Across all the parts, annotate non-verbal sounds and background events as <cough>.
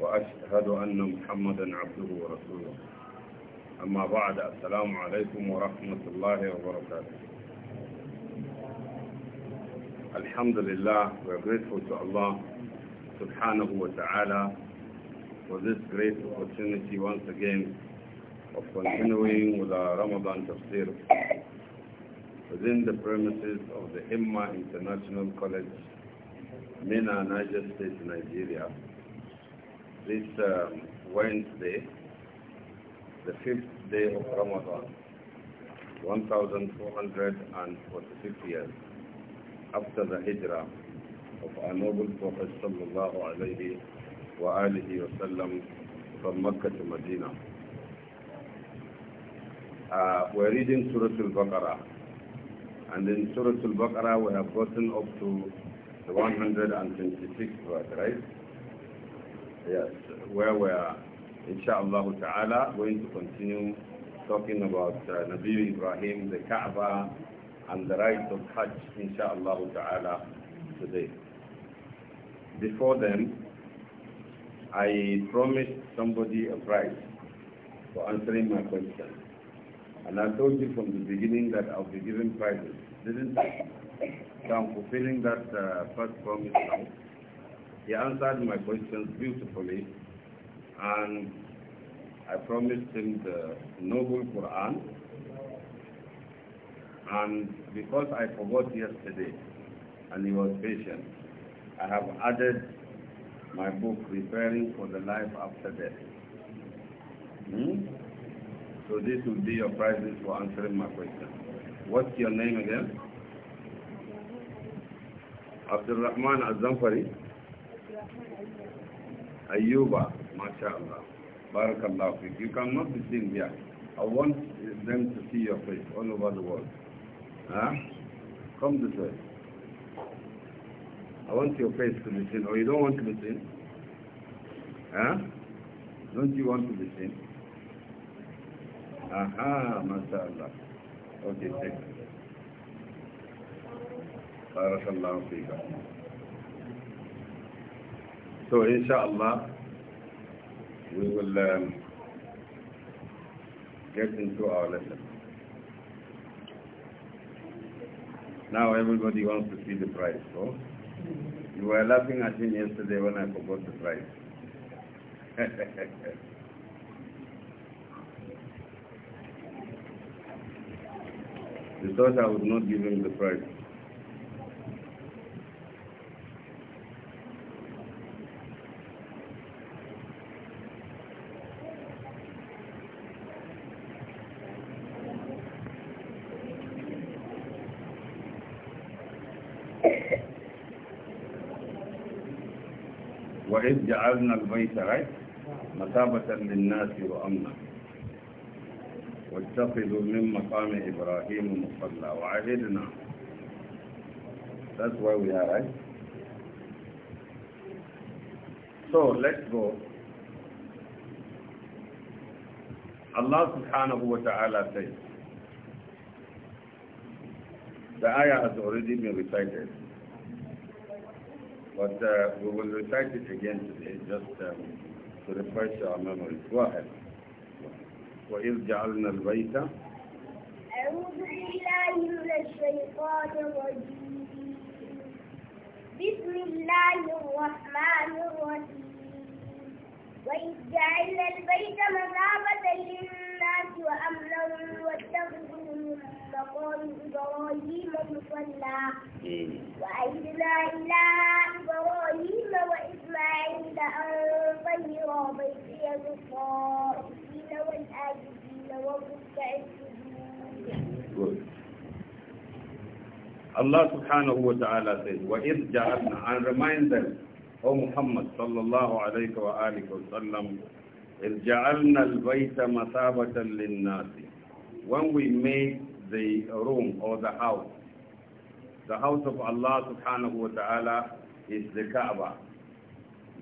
وأشهد أن محمدا عبده ورسوله أما بعد السلام عليكم ورحمة الله وبركاته لله we are grateful to Allah subhanahu wa ta'ala for this great opportunity once again of continuing with our Ramadan tafsir within the premises of the Himma International College, Mina, Niger State, Nigeria. this um, Wednesday, the fifth day of Ramadan, 1446 years after the hijrah of our noble Prophet sallallahu alayhi wa alihi wa sallam from Mecca to Medina. Uh, we're reading Surah Al-Baqarah and in Surah Al-Baqarah we have gotten up to the 126th verse, right? Yes. Where we are, inshallah ta'ala, going to continue talking about uh, Nabi Ibrahim, the Kaaba, and the rites of Hajj, inshallah ta'ala, today. Before then, I promised somebody a prize for answering my question. And I told you from the beginning that I'll be giving prizes, didn't I? So I'm fulfilling that uh, first promise now. He answered my questions beautifully and I promised him the noble Quran and because I forgot yesterday and he was patient, I have added my book Preparing for the Life After Death. Hmm? So this will be your prizes for answering my question. What's your name again? Abdul Rahman Azamfari. Ayuba, mashallah. Barakallah. You cannot be seen here. I want them to see your face all over the world. Huh? Come this way. I want your face to be seen. Or oh, you don't want to be seen? Huh? Don't you want to be seen? Aha, mashallah. Okay, take it. Barakallah. So inshallah, we will um, get into our lesson. Now everybody wants to see the price, so oh. you were laughing at me yesterday when I forgot the price. you <laughs> thought I would not give him the price. وإذ جعلنا البيت عيد مثابة للناس وأمنا واتخذوا من مقام إبراهيم مصلى وعهدنا That's where we are, right? So let's go. Allah subhanahu wa ta'ala says, the ayah has already been recited. But uh, we will recite it again today, just um, to refresh our memory. Go ahead. وإذ جعلنا البيت أعوذ بالله من الشيطان الرجيم بسم الله الرحمن الرحيم وإذ جعلنا البيت مثابة للناس وأمرا واتخذوا Allah subhanahu wa ta'ala says, وَإِذْ جَعَلْنَا And remind them, O Muhammad sallallahu alayhi wa alayhi wa sallam, إِذْ جَعَلْنَا الْبَيْتَ مَثَابَةً لِلنَّاسِ When we make the room or the house. The house of Allah subhanahu wa ta'ala is the Kaaba.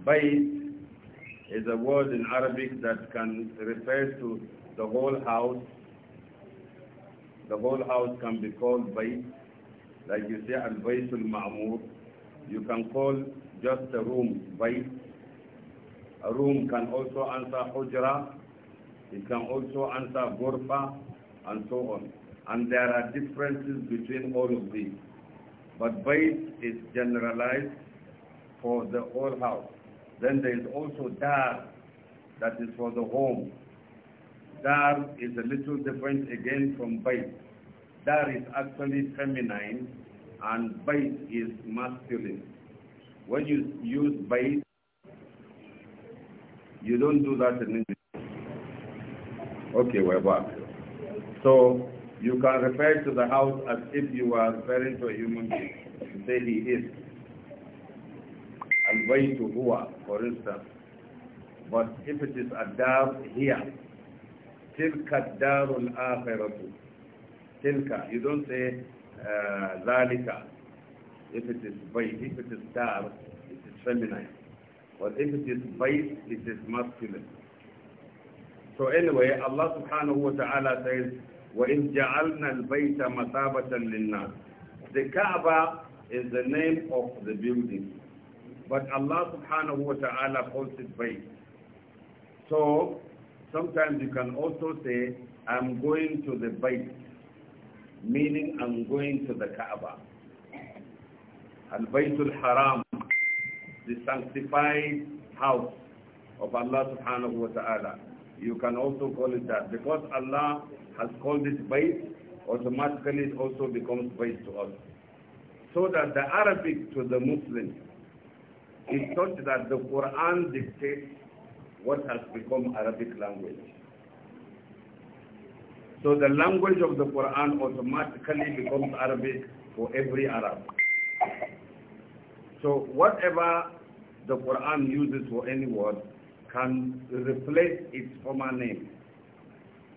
Bayt is a word in Arabic that can refer to the whole house. The whole house can be called Bayt. Like you say, Al-Baytul Ma'mur. You can call just a room Bayt. A room can also answer Hujra. It can also answer Ghurfa and so on and there are differences between all of these. But base is generalized for the whole house. Then there is also dar, that is for the home. Dar is a little different again from base. Dar is actually feminine and base is masculine. When you use base, you don't do that in English. Okay, we're back. So you can refer to the house as if you were referring to a human being. say he is. al to huwa, for instance. But if it is a dar here, tilka darul akhiratu. Tilka, you don't say uh, If it is bayt, if it is dar, it is feminine. But if it is vice, it is masculine. So anyway, Allah subhanahu wa ta'ala says, جَعَلْنَا الْبَيْتَ مَثَابَةً لِلنَّاسِ The Kaaba is the name of the building. But Allah subhanahu wa ta'ala calls it bayt. So, sometimes you can also say, I'm going to the bayt. Meaning, I'm going to the Kaaba. Al-Baytul Haram, the sanctified house of Allah subhanahu wa ta'ala you can also call it that. Because Allah has called it bait, automatically it also becomes bait to us. So that the Arabic to the Muslim is such that the Quran dictates what has become Arabic language. So the language of the Quran automatically becomes Arabic for every Arab. So whatever the Quran uses for any word, can replace its former name.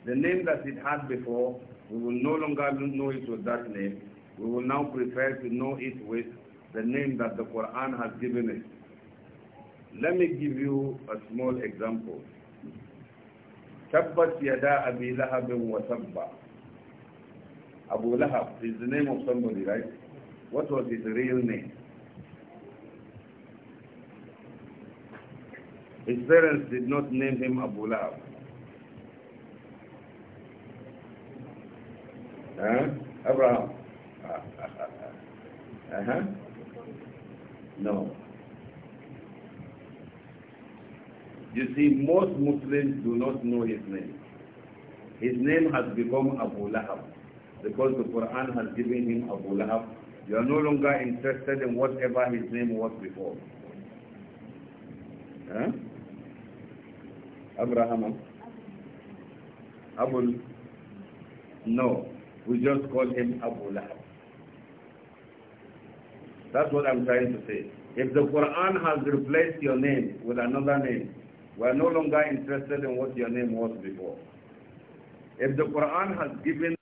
The name that it had before, we will no longer know it with that name. We will now prefer to know it with the name that the Quran has given it. Let me give you a small example. Tabbat yada Abi Lahab wa tabba. Abu Lahab is the name of somebody, right? What was his real name? His parents did not name him Abu Lahab. Huh? Abraham. Uh-huh. No. You see, most Muslims do not know his name. His name has become Abu Lahab because the Quran has given him Abu Lahab. You are no longer interested in whatever his name was before. Huh? Abraham? Abul? No. We just call him Abu Lahab. That's what I'm trying to say. If the Quran has replaced your name with another name, we are no longer interested in what your name was before. If the Quran has given,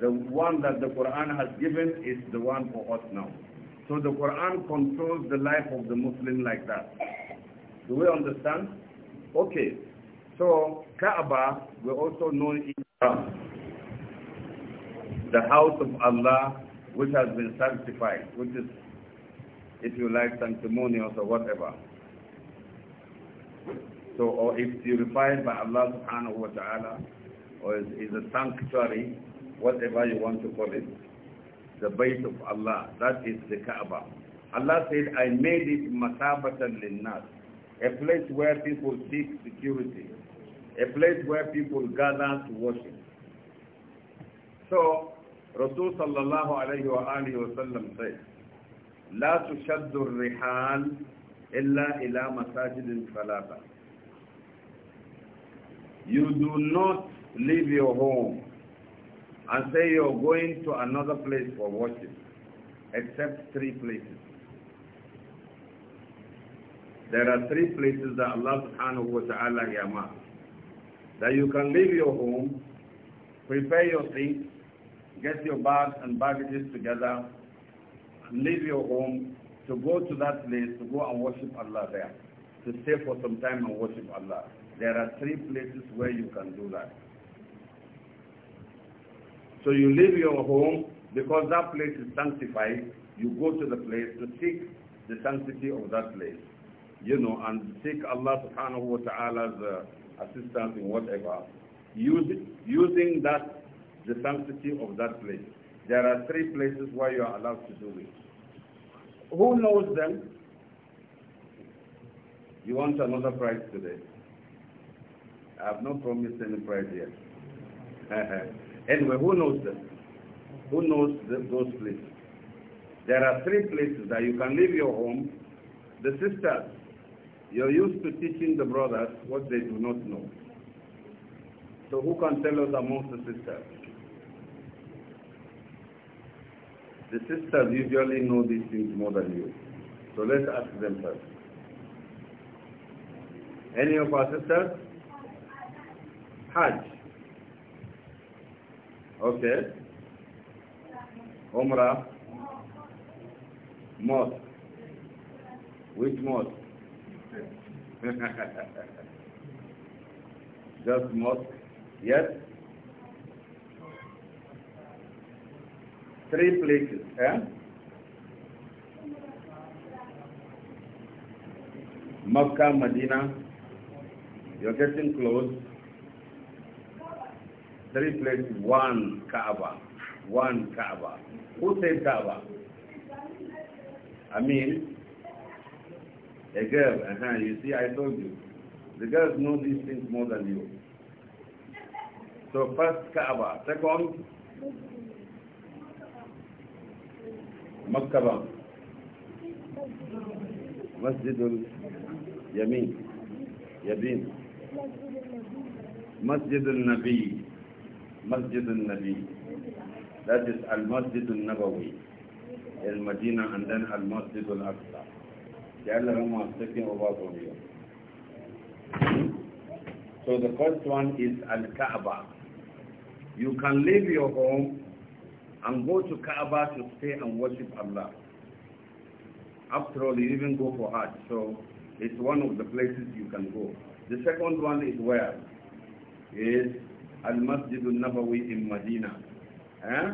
the one that the Quran has given is the one for us now. So the Quran controls the life of the Muslim like that. Do we understand? Okay, so Kaaba, we also know it the house of Allah which has been sanctified, which is, if you like, sanctimonious or whatever. So, or if purified by Allah subhanahu wa ta'ala, or is, is a sanctuary, whatever you want to call it, the base of Allah, that is the Kaaba. Allah said, I made it masabatan linnas a place where people seek security, a place where people gather to worship. So, Rasul sallallahu alayhi wa alayhi wa sallam said, لا تشد الرحال إلا إلى مساجد ثلاثة. You do not leave your home and say you're going to another place for worship, except three places. There are three places that Allah subhanahu wa ta'ala yama. That you can leave your home, prepare your things, get your bags and baggages together, leave your home to go to that place, to go and worship Allah there, to stay for some time and worship Allah. There are three places where you can do that. So you leave your home because that place is sanctified. You go to the place to seek the sanctity of that place you know, and seek Allah subhanahu wa ta'ala's uh, assistance in whatever, use, using that, the sanctity of that place. There are three places where you are allowed to do it. Who knows them? You want another prize today? I have not promised any prize yet. <laughs> anyway, who knows them? Who knows the, those places? There are three places that you can leave your home. The sisters, you're used to teaching the brothers what they do not know. So who can tell us amongst the sisters? The sisters usually know these things more than you. So let's ask them first. Any of our sisters? Hajj. Okay. Umrah. Mosque. Which mosque? <laughs> Just mosque. Yes? Three places. Eh? Makkah, Medina. You're getting close. Three places. One Kaaba. One Kaaba. Who said Kaaba? I mean, a girl, uh -huh, you see, I told you. The girls know these things more than you. So first Kaaba, second Makkah, Masjidul Yamin, Yabin, Masjidul Nabi, Masjidul Nabi. That is Al Masjidul Nabawi, Al Madina, and then Al Masjidul Aqsa. The other taking over from you. So the first one is Al-Kaaba. You can leave your home and go to Kaaba to stay and worship Allah. After all, you even go for Hajj, so it's one of the places you can go. The second one is where? Is Al-Masjid al-Nabawi in Medina. Eh?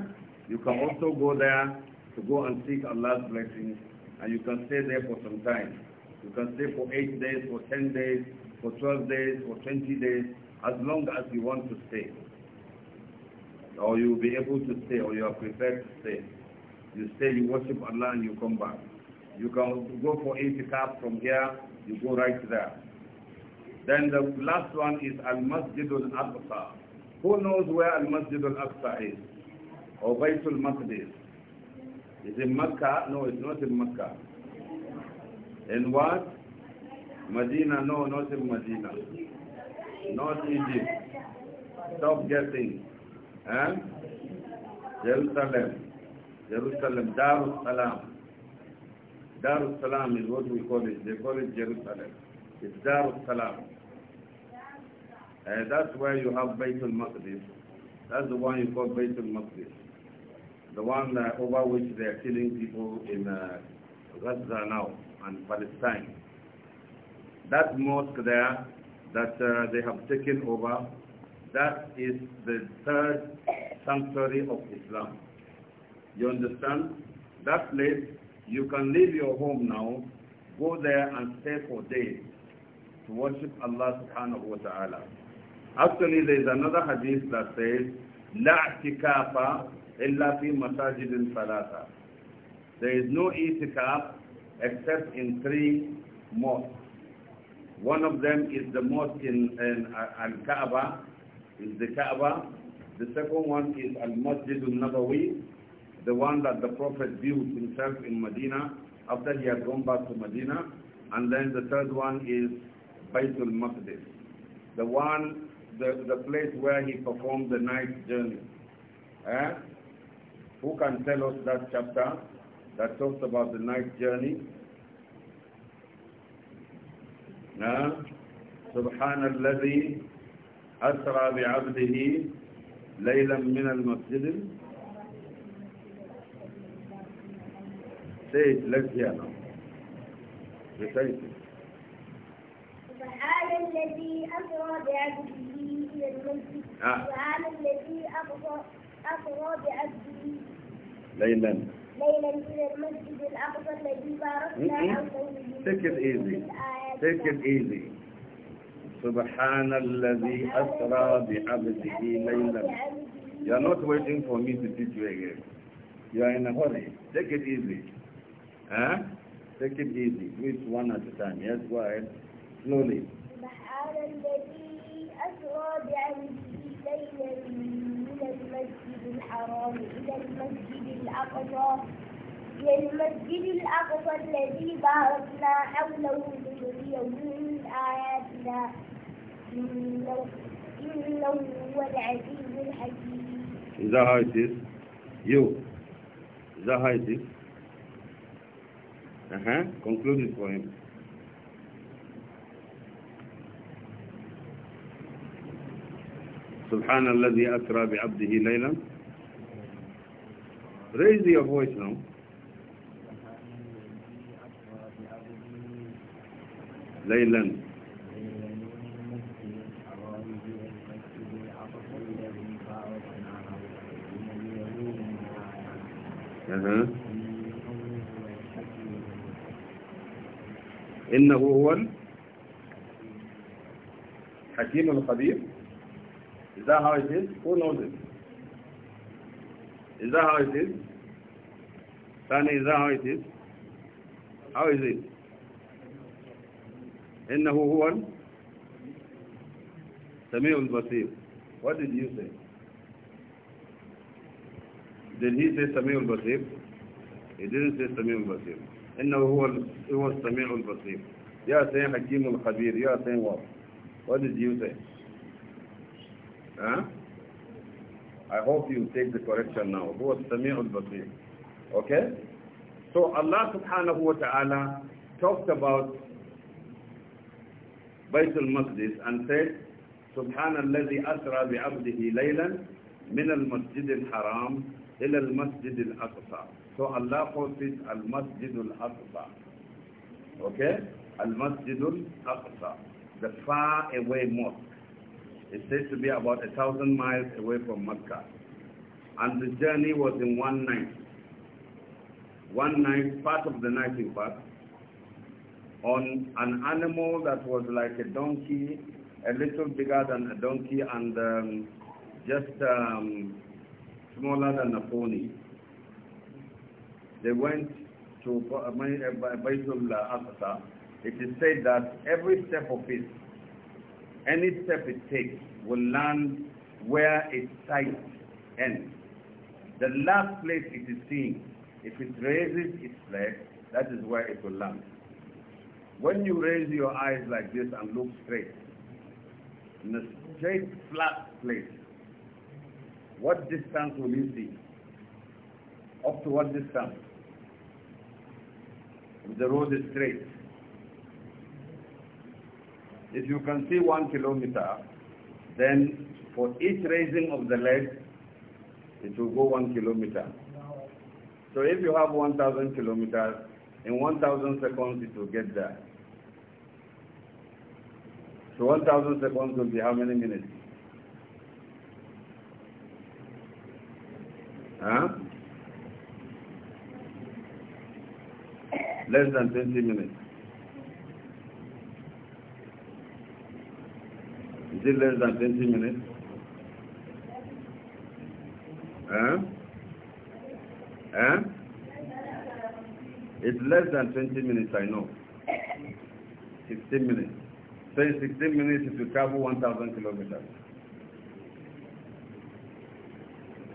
You can also go there to go and seek Allah's blessings and you can stay there for some time. You can stay for 8 days, for 10 days, for 12 days, for 20 days, as long as you want to stay. Or you will be able to stay, or you are prepared to stay. You stay, you worship Allah, and you come back. You can go for cars from here, you go right there. Then the last one is Al-Masjid Al-Aqsa. Who knows where Al-Masjid Al-Aqsa is? Or Baytul Maqdis. Is in Mecca? No, it's not in Mecca. In what? Medina? No, not in Medina. Not Egypt. Stop guessing. Eh? Jerusalem. Jerusalem. Darus Salam. Darus Salam is what we call it. They call it Jerusalem. It's Darus Salam. And uh, that's where you have Baytul Maqdis. That's the one you call Baytul Maqdis the one uh, over which they are killing people in uh, Gaza now and Palestine. That mosque there that uh, they have taken over, that is the third sanctuary of Islam. You understand? That place, you can leave your home now, go there and stay for days to worship Allah subhanahu wa ta'ala. Actually, there is another hadith that says, لا اعتكاف إلا في مساجد ثلاثة There is no itikaf except in three mosques. One of them is the mosque in, in uh, Al-Kaaba, is the Kaaba. The second one is Al-Masjid al-Nabawi, the one that the Prophet built himself in Medina after he had gone back to Medina. And then the third one is Baitul Maqdis, the one, the, the place where he performed the night journey. Eh? Who can tell us that chapter that talks about the night journey? سبحان الذي أسرى بعبده ليلا من المسجد Say it, let's hear now. سبحان الذي أسرى بعبده إلى المسجد سبحان الذي أسرى بعبده ليلا ليلا المسجد الأقصى الذي باركنا Take it easy. Take it easy. سبحان الذي أسرى بعبده ليلا You are not waiting for me to teach you again. You are in a hurry. Take it easy. Huh? Take it easy. Do it one at a time. Yes, go ahead. Slowly. سبحان الذي الحرام إلى المسجد الأقصى إلى المسجد الأقصى الذي باركنا حوله لنريه من آياتنا إنه هو العزيز الحكيم. إذا that how it is? You. Is Conclude it for him. سبحان الذي أسرى بعبده ليلا Raise your voice now. ليلا أه. Uh-huh. إنه هو الحكيم الخبير Is that how it is? Who knows it? Is that how it is? Tani, is that how it is? How is it? إنه هو سميع basir. What did you say? Did he say سميع basir? He didn't say سميع البصير إنه هو هو السميع البصير يا سيد حكيم الخبير يا سيد what? What did you say? Huh? I hope you take the correction now. Who was al Basir. Okay? So Allah subhanahu wa ta'ala talked about Al-Masjid and said, سبحان الذي أسرى بعبده ليلا من المسجد الحرام إلى المسجد الأقصى. So Allah calls Al-Masjid Al-Aqsa. Okay? Al-Masjid Al-Aqsa. The far away mosque is said to be about a thousand miles away from Mecca. And the journey was in one night. One night, part of the night in fact, on an animal that was like a donkey, a little bigger than a donkey and um, just um, smaller than a pony. They went to Baitul Asasa. It is said that every step of it any step it takes will land where its sight ends. The last place it is seeing, if it raises its leg, that is where it will land. When you raise your eyes like this and look straight, in a straight, flat place, what distance will you see? Up to what distance? If the road is straight, if you can see one kilometer, then for each raising of the leg, it will go one kilometer. So if you have 1,000 kilometers, in 1,000 seconds it will get there. So 1,000 seconds will be how many minutes? Huh? Less than 20 minutes. It's less than 20 minutes? Huh? Huh? It's less than 20 minutes, I know. 16 minutes. So in 16 minutes, if you travel 1,000 kilometers.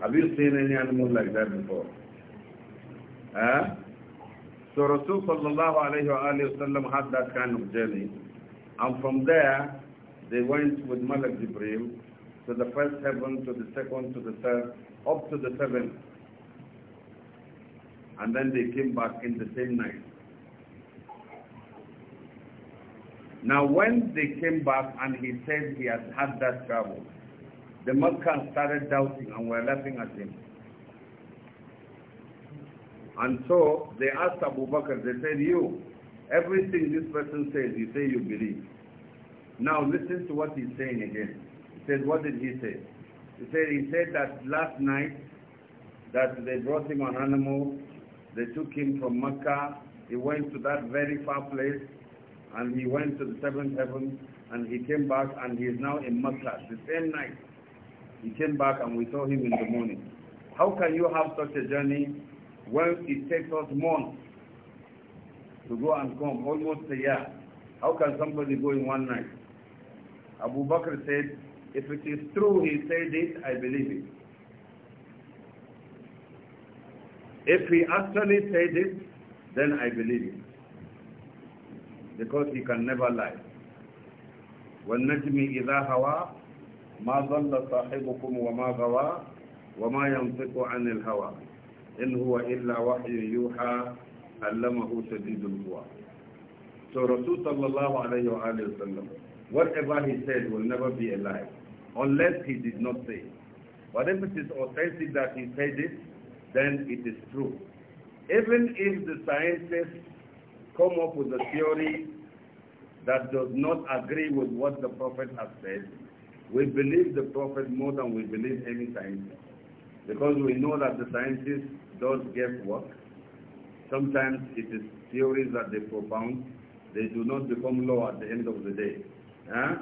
Have you seen any animal like that before? Huh? So Rasul sallallahu alayhi wa had that kind of journey. And from there, they went with Malak Jibreel to the first heaven, to the second, to the third, up to the seventh. And then they came back in the same night. Now when they came back and he said he had had that trouble, the Meccans started doubting and were laughing at him. And so they asked Abu Bakr, they said, you, everything this person says, you say you believe. Now listen to what he's saying again. He says, what did he say? He said, he said that last night that they brought him an animal, they took him from Mecca, he went to that very far place, and he went to the seventh heaven, and he came back, and he is now in Mecca. The same night, he came back, and we saw him in the morning. How can you have such a journey when it takes us months to go and come, almost a year? How can somebody go in one night? Abu Bakr said, if it is true he said it, I believe it. If he actually said it, then I believe it. Because he can never lie. وَالنَّجْمِ إِذَا هَوَى مَا ضَلَّ صَاحِبُكُمْ وَمَا غَوَى وَمَا يَنطِقُ عَنِ الْهَوَى إِنْ هُوَ إِلَّا وَحْيٌ يُوحَى عَلَّمَهُ شَدِيدُ الْقُوَى So Rasulullah sallallahu alayhi wa sallam whatever he said will never be a lie, unless he did not say it. But if it is authentic that he said it, then it is true. Even if the scientists come up with a theory that does not agree with what the Prophet has said, we believe the Prophet more than we believe any scientist. Because we know that the scientist does work. Sometimes it is theories that they propound. They do not become law at the end of the day. Huh?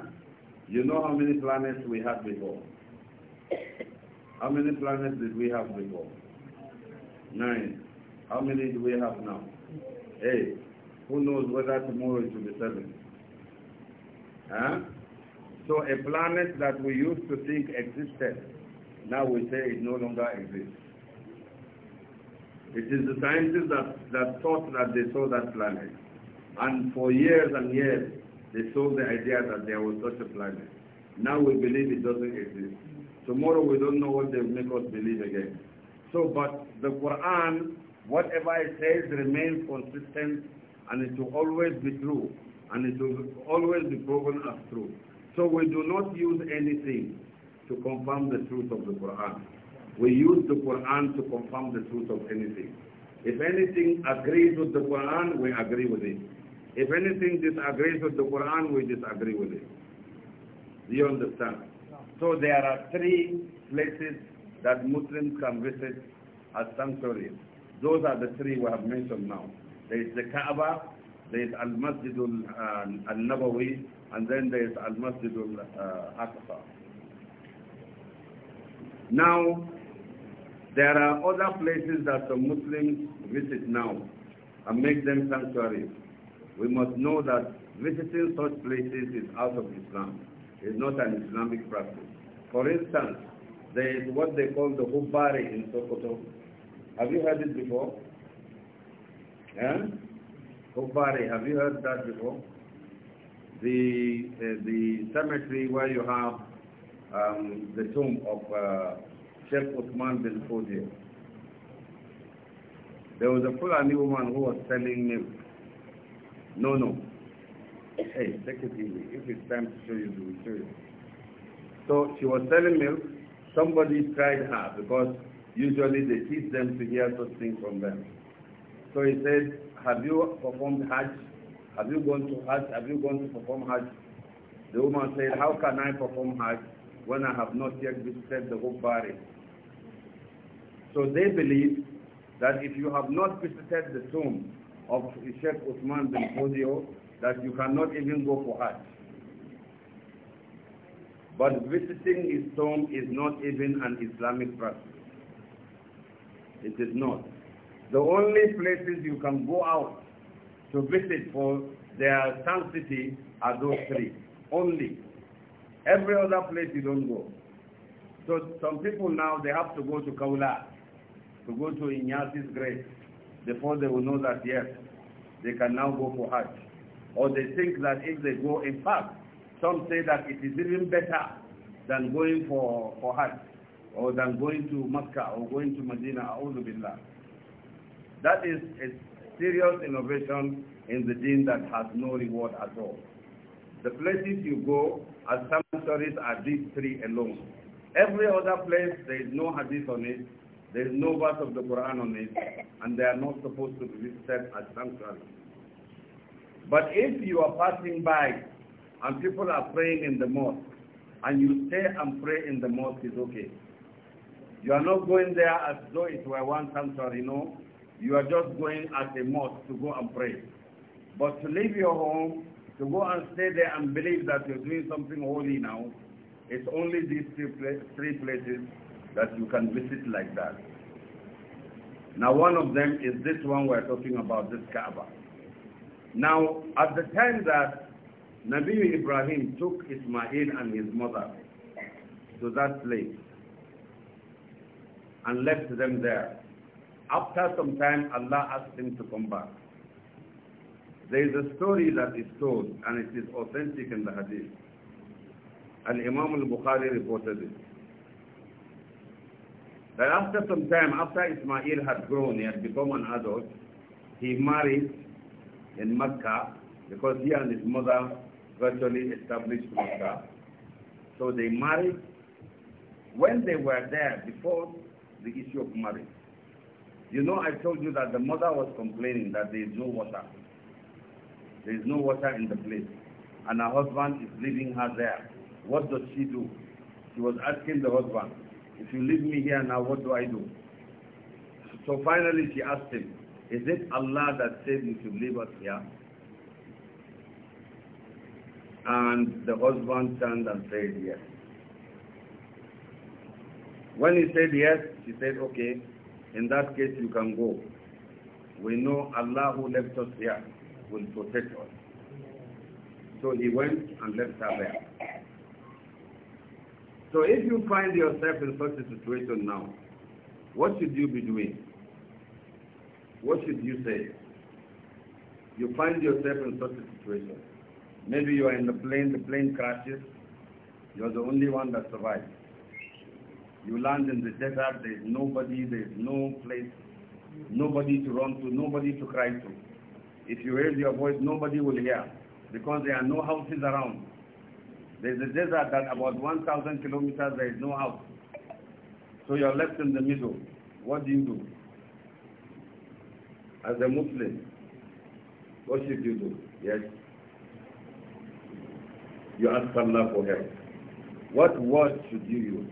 You know how many planets we had before? How many planets did we have before? Nine. How many do we have now? Eight. Who knows whether tomorrow it will be seven? Huh? So a planet that we used to think existed, now we say it no longer exists. It is the scientists that, that thought that they saw that planet. And for years and years, they sold the idea that there was such a planet. Now we believe it doesn't exist. Tomorrow we don't know what they make us believe again. So, but the Quran, whatever it says remains consistent and it will always be true and it will always be proven as true. So we do not use anything to confirm the truth of the Quran. We use the Quran to confirm the truth of anything. If anything agrees with the Quran, we agree with it. If anything disagrees with the Quran, we disagree with it. Do you understand? So there are three places that Muslims can visit as sanctuaries. Those are the three we have mentioned now. There is the Kaaba, there is Al-Masjid uh, Al-Nabawi, and then there is Al-Masjid Al-Aqsa. Uh, now, there are other places that the Muslims visit now and make them sanctuaries we must know that visiting such places is out of Islam. It's not an Islamic practice. For instance, there is what they call the Hubbari in Sokoto. Have you heard it before? Yeah? Hubbari, have you heard that before? The, uh, the cemetery where you have um, the tomb of uh, Sheikh Uthman bin Fodio. There was a Fulani woman who was selling milk no, no. Hey, take it easy. If it's time to show you, we'll show you. So she was telling me, Somebody tried her because usually they teach them to hear such things from them. So he said, have you performed Hajj? Have you gone to Hajj? Have you gone to perform Hajj? The woman said, how can I perform Hajj when I have not yet visited the whole body? So they believe that if you have not visited the tomb, of Sheikh Usman bin Fodio that you cannot even go for Hajj. But visiting his tomb is not even an Islamic practice. It is not. The only places you can go out to visit for their sanctity are those three. Only. Every other place you don't go. So some people now, they have to go to Kaula, to go to Inyasi's grave before they will know that yes, they can now go for Hajj. Or they think that if they go, in fact, some say that it is even better than going for, for Hajj or than going to Mecca or going to Medina, A'udhu Billah. That is a serious innovation in the deen that has no reward at all. The places you go as sanctuaries are these three alone. Every other place, there is no hadith on it, there is no verse of the Quran on it, and they are not supposed to be visited as sanctuary. But if you are passing by and people are praying in the mosque, and you stay and pray in the mosque is okay. You are not going there as though it were one sanctuary, no. You are just going as a mosque to go and pray. But to leave your home, to go and stay there and believe that you're doing something holy now, it's only these three, pla three places that you can visit like that. Now one of them is this one we're talking about, this Kaaba. Now at the time that Nabi Ibrahim took Ismail and his mother to that place and left them there, after some time Allah asked him to come back. There is a story that is told and it is authentic in the hadith. And Imam al-Bukhari reported it that after some time, after Ismail had grown, he had become an adult, he married in Mecca because he and his mother virtually established Mecca. So they married. When they were there, before the issue of marriage, you know I told you that the mother was complaining that there is no water. There is no water in the place. And her husband is leaving her there. What does she do? She was asking the husband, if you leave me here now, what do I do? So finally she asked him, is it Allah that said you should leave us here? And the husband turned and said yes. When he said yes, she said, okay, in that case you can go. We know Allah who left us here will protect us. So he went and left her there. So if you find yourself in such a situation now, what should you be doing? What should you say? You find yourself in such a situation. Maybe you are in the plane, the plane crashes. You are the only one that survives. You land in the desert, there is nobody, there is no place, nobody to run to, nobody to cry to. If you raise your voice, nobody will hear because there are no houses around. There's a desert that about 1,000 kilometers there is no house. So you're left in the middle. What do you do? As a Muslim, what should you do? Yes. You ask Allah for help. What word should you use?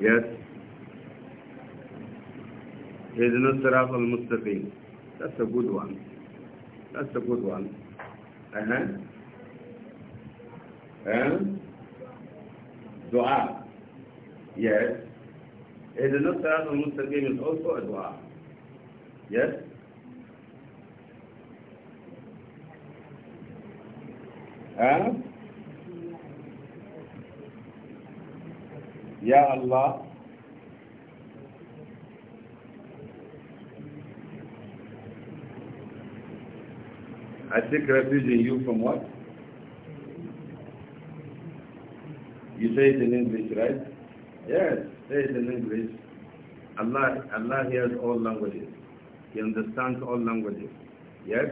Yes. He is not al that's a good one. That's a good one. Uh-huh. And dua. Yes. And the Nusrat al-Mustaqim is also a dua. Yes? Huh? Ya Allah. I take refuge in you from what? You say it in English, right? Yes, say it in English. Allah, Allah hears all languages. He understands all languages. Yes?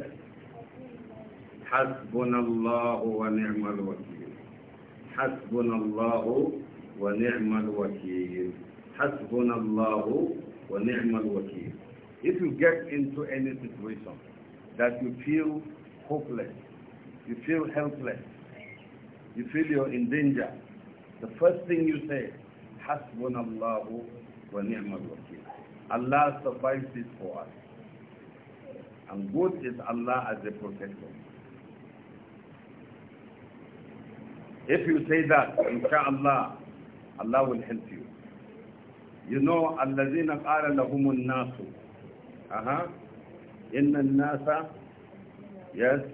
حسبن الله ونعم الوكيل حسبن الله ونعم الوكيل حسبن الله ونعم الوكيل If you get into any situation that you feel hopeless. You feel helpless. You feel you're in danger. The first thing you say, Hasbunallahu wa ni'mal wakil. Allah suffices for us. And good is Allah as a protector. If you say that, inshaAllah, Allah will help you. You know, الَّذِينَ قَالَ لَهُمُ النَّاسُ أَهَا uh-huh, إِنَّ النَّاسَ Yes,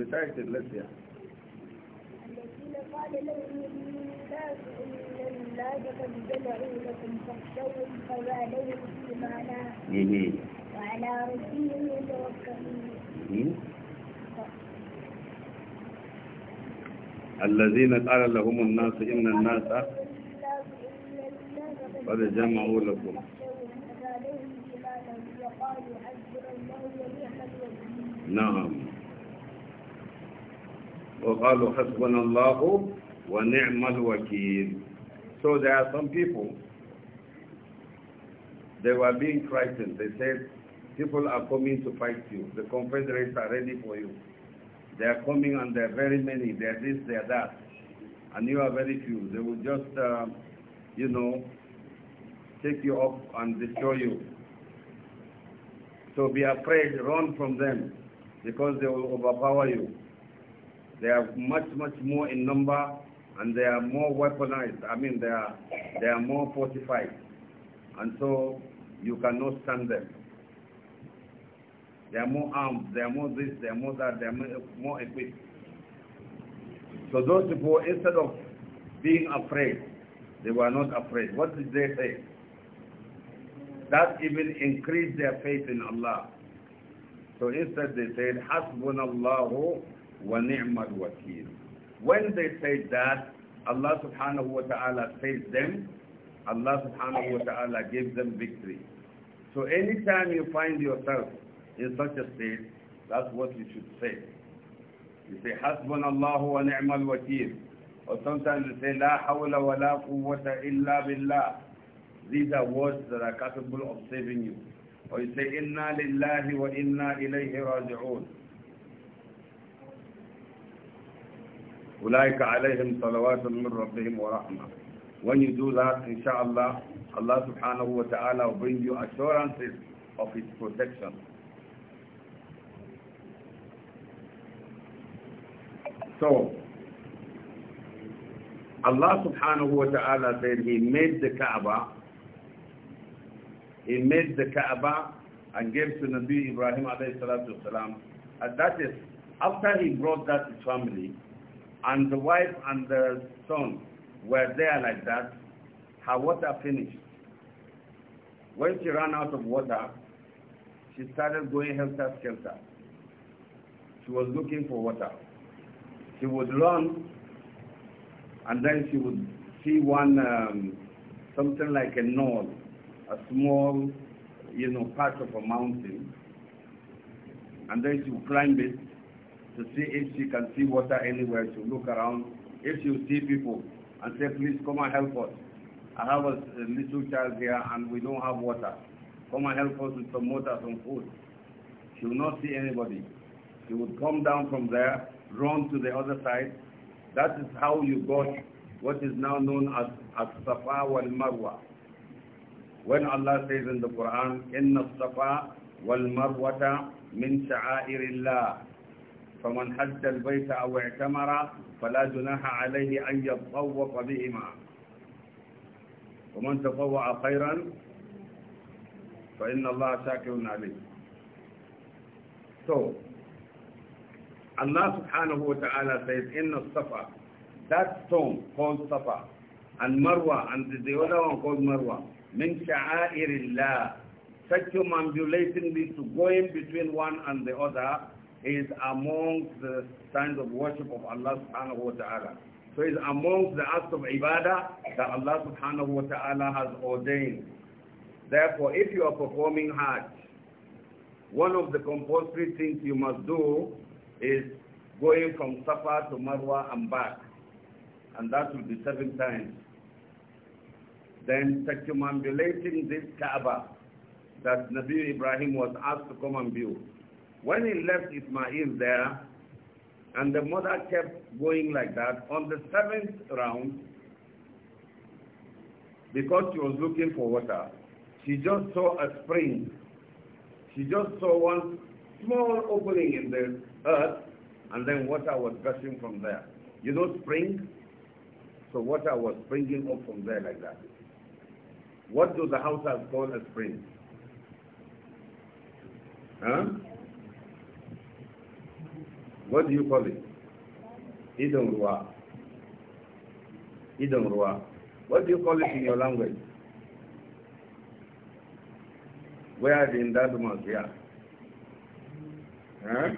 it, let's hear. قال لهم الناس إن قد جمعوا لكم فاخشوهم الذين قال لهم الناس إن الناس قد جمعوا لكم نعم وقالوا حسبنا الله ونعم الوكيل So there are some people, they were being frightened. They said, people are coming to fight you. The Confederates are ready for you. They are coming and they are very many. They are this, they are that. And you are very few. They will just, uh, you know, take you up and destroy you. So be afraid, run from them because they will overpower you. They are much, much more in number and they are more weaponized. I mean, they are, they are more fortified. And so you cannot stand them. They are more armed, they are more this, they are more that, they are more equipped. So those people, instead of being afraid, they were not afraid. What did they say? That even increased their faith in Allah. So instead they said, حَسْبُنَ وَنِعْمَ الْوَكِيلُ When they say that, Allah subhanahu wa ta'ala saves them, Allah subhanahu wa ta'ala gives them victory. So anytime you find yourself in such a state, that's what you should say. You say, حَسْبُنَ اللَّهُ وَنِعْمَ الْوَكِيلُ Or sometimes you say, لَا حَوْلَ وَلَا قُوَّةَ إِلَّا بِاللَّهِ These are words that are capable of saving you. Or you say, إِنَّا لِلَّهِ وَإِنَّا إِلَيْهِ رَاجِعُونَ when you do that inshallah Allah subhanahu wa ta'ala will bring you assurances of his protection so Allah subhanahu wa ta'ala said he made the Kaaba he made the Kaaba and gave to Nabi Ibrahim alayhi salatu wasalam and that is after he brought that to family and the wife and the son were there like that, her water finished. When she ran out of water, she started going helter-skelter. She was looking for water. She would run, and then she would see one, um, something like a knoll, a small, you know, part of a mountain. And then she would climb it, to see if she can see water anywhere, to look around. If you see people and say, please come and help us. I have a, a little child here and we don't have water. Come and help us with some water, some food. She will not see anybody. She would come down from there, run to the other side. That is how you got what is now known as as-safa wal marwa. When Allah says in the Quran, "Inna safa wal marwata min sha'airillah." فمن حج البيت أو اعتمر فلا جناح عليه أن يتطوق بهما ومن تطوع خيرا فإن الله شاكر عليه So, Allah subhanahu wa ta'ala says, in the Safa, that stone called Safa, and Marwa, and the other one called Marwa, min sha'airillah, circumambulating is going between one and the other, is among the signs of worship of Allah subhanahu wa ta'ala. So it's amongst the acts of ibadah that Allah subhanahu wa ta'ala has ordained. Therefore, if you are performing Hajj, one of the compulsory things you must do is going from Safa to Marwa and back. And that will be seven times. Then circumambulating this Kaaba that Nabi Ibrahim was asked to come and build. When he left Ismail there, and the mother kept going like that, on the seventh round, because she was looking for water, she just saw a spring. She just saw one small opening in the earth, and then water was gushing from there. You know spring? So water was springing up from there like that. What do the houses call a spring? Huh? What do you call it? Idan ruwa. What do you call it in your language? Where that month? Yeah. Huh?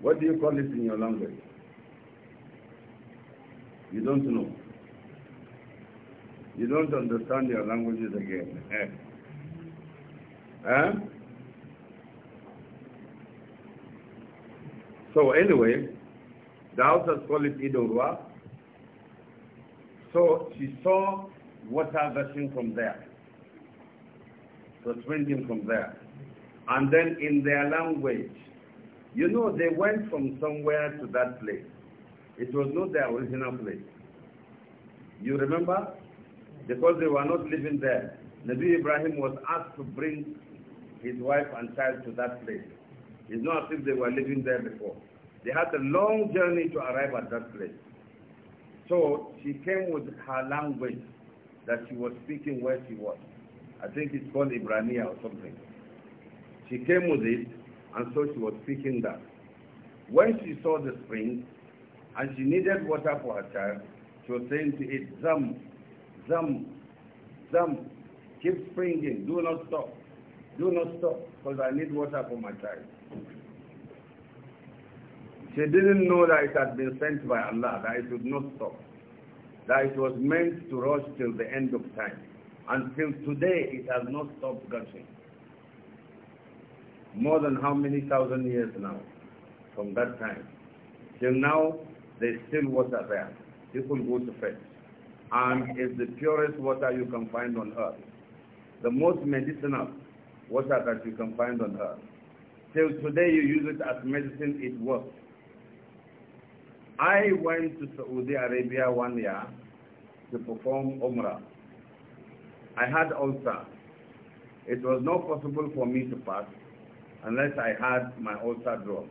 What do you call it in your language? You don't know. You don't understand your languages again. Huh? So anyway, the houses call it Idorwa. So she saw water gushing from there. So drinking from there. And then in their language, you know, they went from somewhere to that place. It was not their original place. You remember? Because they were not living there. Nabi Ibrahim was asked to bring his wife and child to that place. It's not as if they were living there before. They had a long journey to arrive at that place. So she came with her language that she was speaking where she was. I think it's called Ibrania or something. She came with it, and so she was speaking that. When she saw the spring, and she needed water for her child, she was saying to it, Zam, Zam, Zam, keep springing, do not stop, do not stop, because I need water for my child. She didn't know that it had been sent by Allah, that it would not stop, that it was meant to rush till the end of time. Until today, it has not stopped gushing. More than how many thousand years now, from that time. Till now, there's still water there. People go to fetch. And it's the purest water you can find on earth. The most medicinal water that you can find on earth. Till today, you use it as medicine, it works. I went to Saudi Arabia one year to perform Umrah. I had ulcer. It was not possible for me to pass unless I had my ulcer drawn.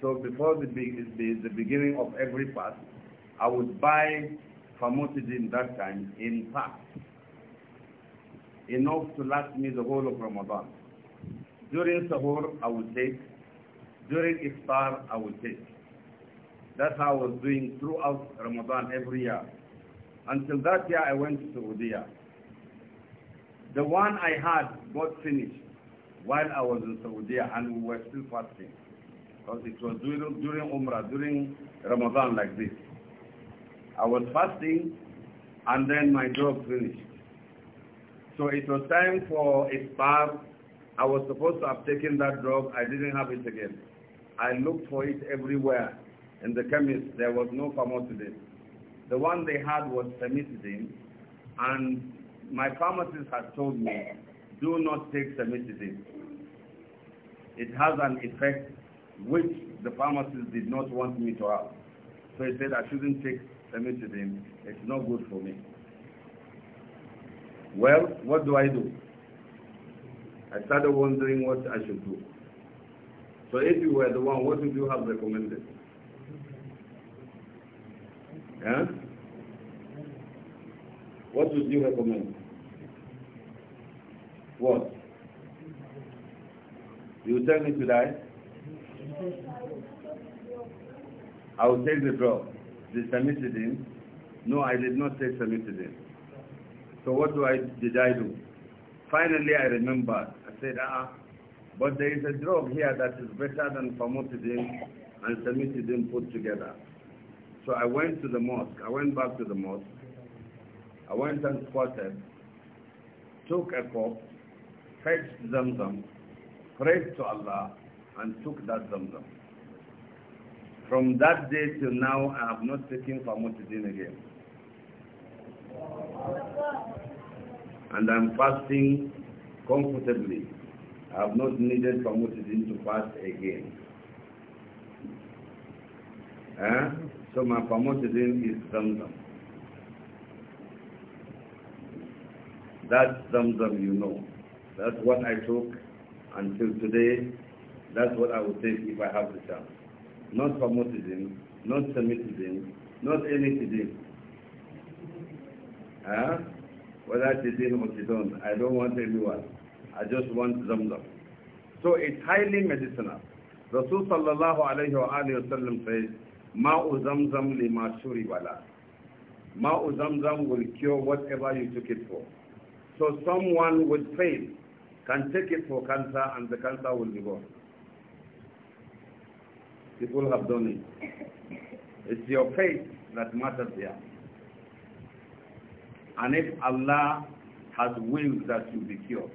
So before the, the, the beginning of every pass, I would buy famotidine that time in packs, enough to last me the whole of Ramadan. During sahur, I would take. During iftar, I would take. That's how I was doing throughout Ramadan every year. Until that year, I went to Saudiya. The one I had got finished while I was in Saudiya, and we were still fasting. Because it was during, during Umrah, during Ramadan like this. I was fasting and then my job finished. So it was time for iftar. I was supposed to have taken that drug. I didn't have it again. I looked for it everywhere in the chemist, there was no famotidine. The one they had was famotidine, and my pharmacist had told me, do not take famotidine. It has an effect which the pharmacist did not want me to have. So he said I shouldn't take famotidine. It's not good for me. Well, what do I do? I started wondering what I should do. So if you were the one, what would you have recommended? Yeah. What would you recommend? What? You tell me to die. I will take the drug, the samitidine. No, I did not take samitidine. So what do I did I do? Finally, I remembered. I said, ah, but there is a drug here that is better than famotidine and samitidine put together. So I went to the mosque. I went back to the mosque. I went and squatted, took a cup, fetched Zamzam, prayed to Allah, and took that Zamzam. From that day till now, I have not taken Famotidin again. And I'm fasting comfortably. I have not needed Famotidin to fast again. Eh? So my promotion is Zamzam. That Zamzam you know. That's what I took until today. That's what I would take if I have the chance. Not Hamotism, not Semitism, not any Tidim. Huh? Whether Tidim or Tidon, I don't want anyone. I just want Zamzam. So it's highly medicinal. Rasul sallallahu alayhi wa sallam says, Ma'u zamzam lima bala. Ma'u zamzam will cure whatever you took it for. So someone with faith can take it for cancer and the cancer will be gone. People have done it. It's your faith that matters here. And if Allah has willed that you be cured,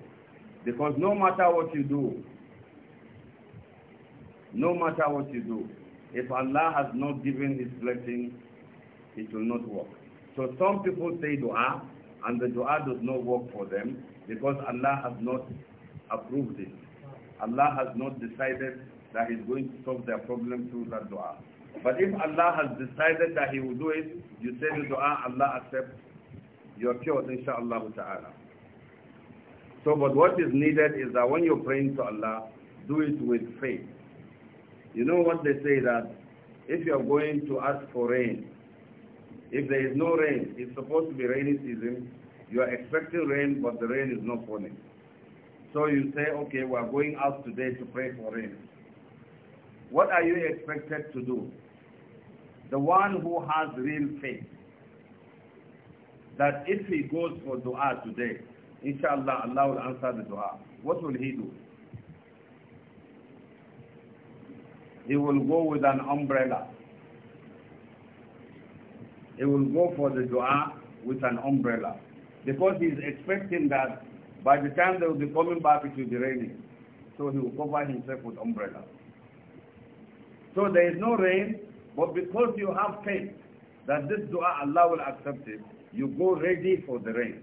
because no matter what you do, no matter what you do, if Allah has not given his blessing, it will not work. So some people say dua, and the dua does not work for them because Allah has not approved it. Allah has not decided that He's going to solve their problem through that dua. But if Allah has decided that He will do it, you say the dua, Allah accepts your cure, inshaAllah ta'ala. So, but what is needed is that when you're praying to Allah, do it with faith. You know what they say that if you are going to ask for rain, if there is no rain, it's supposed to be rainy season, you are expecting rain, but the rain is not falling. So you say, okay, we are going out today to pray for rain. What are you expected to do? The one who has real faith, that if he goes for dua today, inshallah, Allah will answer the dua. What will he do? he will go with an umbrella. He will go for the dua with an umbrella. Because he is expecting that by the time they will be coming back, it will be raining. So he will cover himself with umbrella. So there is no rain, but because you have faith that this dua Allah will accept it, you go ready for the rain.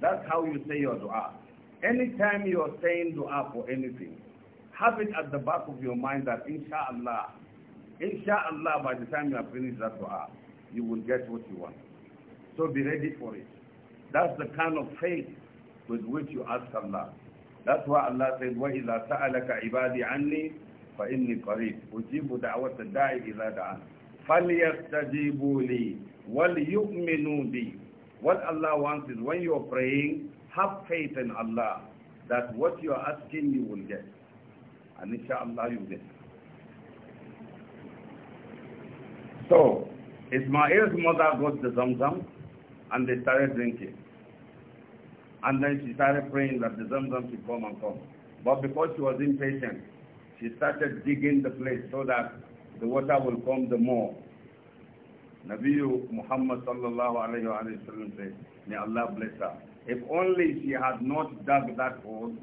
That's how you say your dua. Anytime you are saying dua for anything, have it at the back of your mind that inshallah, inshallah by the time you have finished that dua, you will get what you want. So be ready for it. That's the kind of faith with which you ask Allah. That's why Allah said, وَإِذَا سَأَلَكَ عِبَادِ عَنِّي فَإِنِّي قَرِيبٌ أُجِيبُ دَعْوَةَ الدَّاعِ إِذَا دَعَانِ فَلْيَسْتَجِيبُوا لِي وَلْيُؤْمِنُوا بِي What Allah wants is when you are praying, have faith in Allah that what you are asking you will get and inshallah you So, Ismail's mother got the Zamzam and they started drinking. And then she started praying that the Zamzam should come and come. But because she was impatient, she started digging the place so that the water will come the more. Nabi Muhammad sallallahu alayhi wa sallam said, may Allah bless her. If only she had not dug that hole,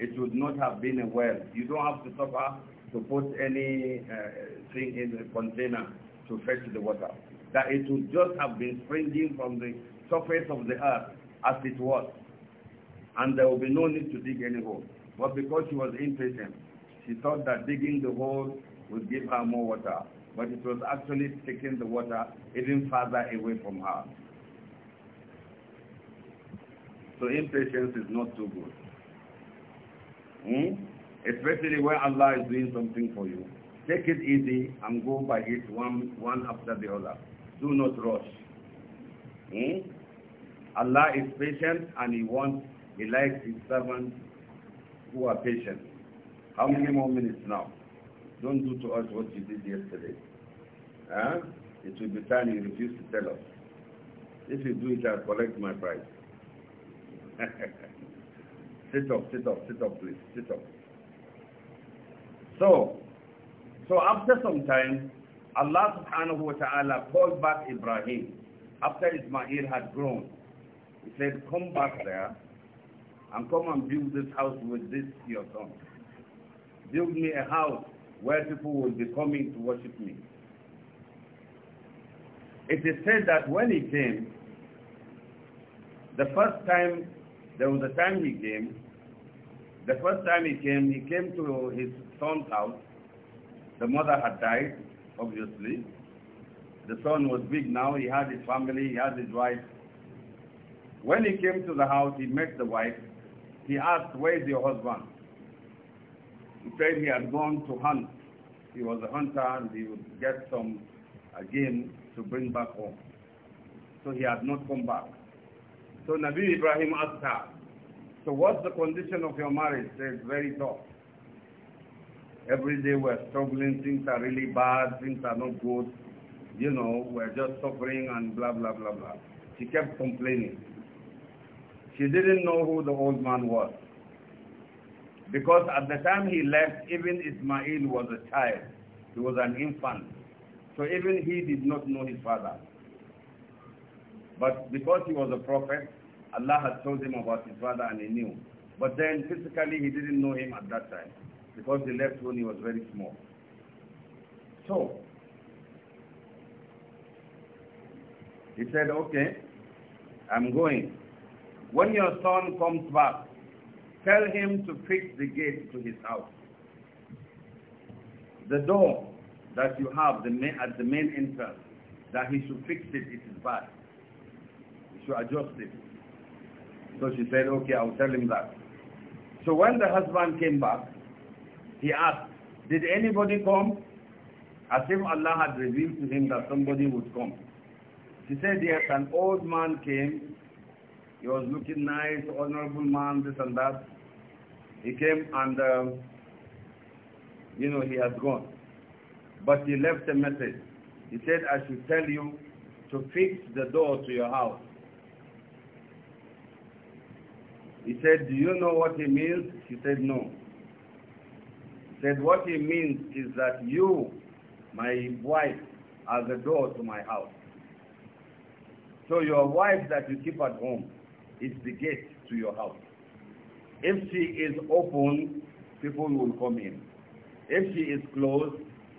it would not have been a well. You don't have to suffer to put any uh, thing in the container to fetch the water. That it would just have been springing from the surface of the earth as it was. And there will be no need to dig any hole. But because she was impatient, she thought that digging the hole would give her more water. But it was actually taking the water even further away from her. So impatience is not too good. Hmm? Especially when Allah is doing something for you. Take it easy and go by it one, one after the other. Do not rush. Hmm? Allah is patient and He wants, He likes His servants who are patient. How many more minutes now? Don't do to us what you did yesterday. Huh? It will be time you refuse to tell us. If you do it, I'll collect my price. <laughs> Sit up, sit up, sit up, please, sit up. So, so after some time, Allah subhanahu wa ta'ala called back Ibrahim after Ismail had grown. He said, come back there and come and build this house with this your son. Build me a house where people will be coming to worship me. It is said that when he came, the first time there was a time he came. The first time he came, he came to his son's house. The mother had died, obviously. The son was big now. He had his family. He had his wife. When he came to the house, he met the wife. He asked, where is your husband? He said he had gone to hunt. He was a hunter and he would get some game to bring back home. So he had not come back. So Nabi Ibrahim asked her, so what's the condition of your marriage? It's said, very tough. Every day we're struggling, things are really bad, things are not good. You know, we're just suffering and blah, blah, blah, blah. She kept complaining. She didn't know who the old man was. Because at the time he left, even Ismail was a child. He was an infant. So even he did not know his father. But because he was a prophet, Allah had told him about his father and he knew. But then physically he didn't know him at that time because he left when he was very small. So, he said, okay, I'm going. When your son comes back, tell him to fix the gate to his house. The door that you have the main, at the main entrance, that he should fix it, it is bad. He should adjust it. So she said, okay, I'll tell him that. So when the husband came back, he asked, did anybody come? As if Allah had revealed to him that somebody would come. She said, yes, an old man came. He was looking nice, honorable man, this and that. He came and, uh, you know, he has gone. But he left a message. He said, I should tell you to fix the door to your house He said, do you know what he means? She said, no. He said, what he means is that you, my wife, are the door to my house. So your wife that you keep at home is the gate to your house. If she is open, people will come in. If she is closed,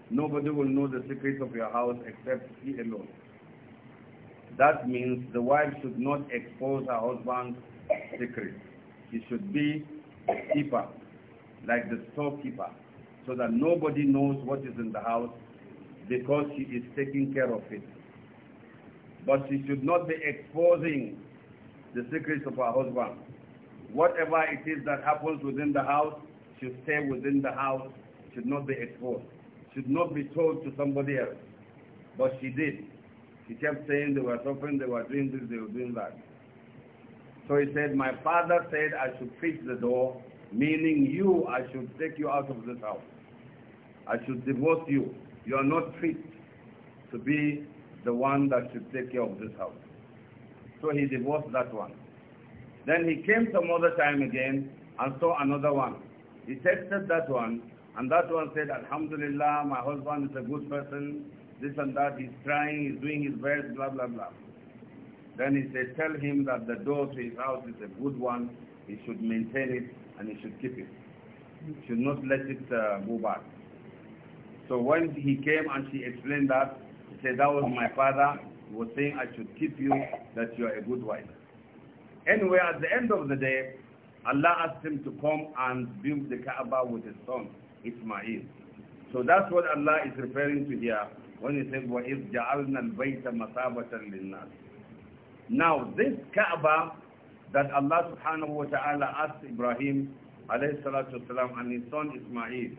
nobody will know the secrets of your house except she alone. That means the wife should not expose her husband's secrets. He should be a keeper, like the storekeeper, so that nobody knows what is in the house because she is taking care of it. But she should not be exposing the secrets of her husband. Whatever it is that happens within the house should stay within the house, should not be exposed, should not be told to somebody else. But she did. She kept saying they were suffering, they were doing this, they were doing that. So he said, my father said I should fix the door, meaning you, I should take you out of this house. I should divorce you. You are not fit to be the one that should take care of this house. So he divorced that one. Then he came some other time again and saw another one. He tested that one, and that one said, Alhamdulillah, my husband is a good person, this and that, he's trying, he's doing his best, blah, blah, blah. Then he said, tell him that the door to his house is a good one. He should maintain it and he should keep it. He should not let it uh, go back. So when he came and she explained that, he said, that was my father. He was saying, I should keep you, that you are a good wife. Anyway, at the end of the day, Allah asked him to come and build the Kaaba with his son, Ismail. So that's what Allah is referring to here when he says, وَإِذْ جَعَلْنَا الْبَيْتَ مَثَابَةً لِلنَّاسِ now, this Kaaba that Allah subhanahu wa ta'ala asked Ibrahim alayhi salatu wasalam and his son Ismail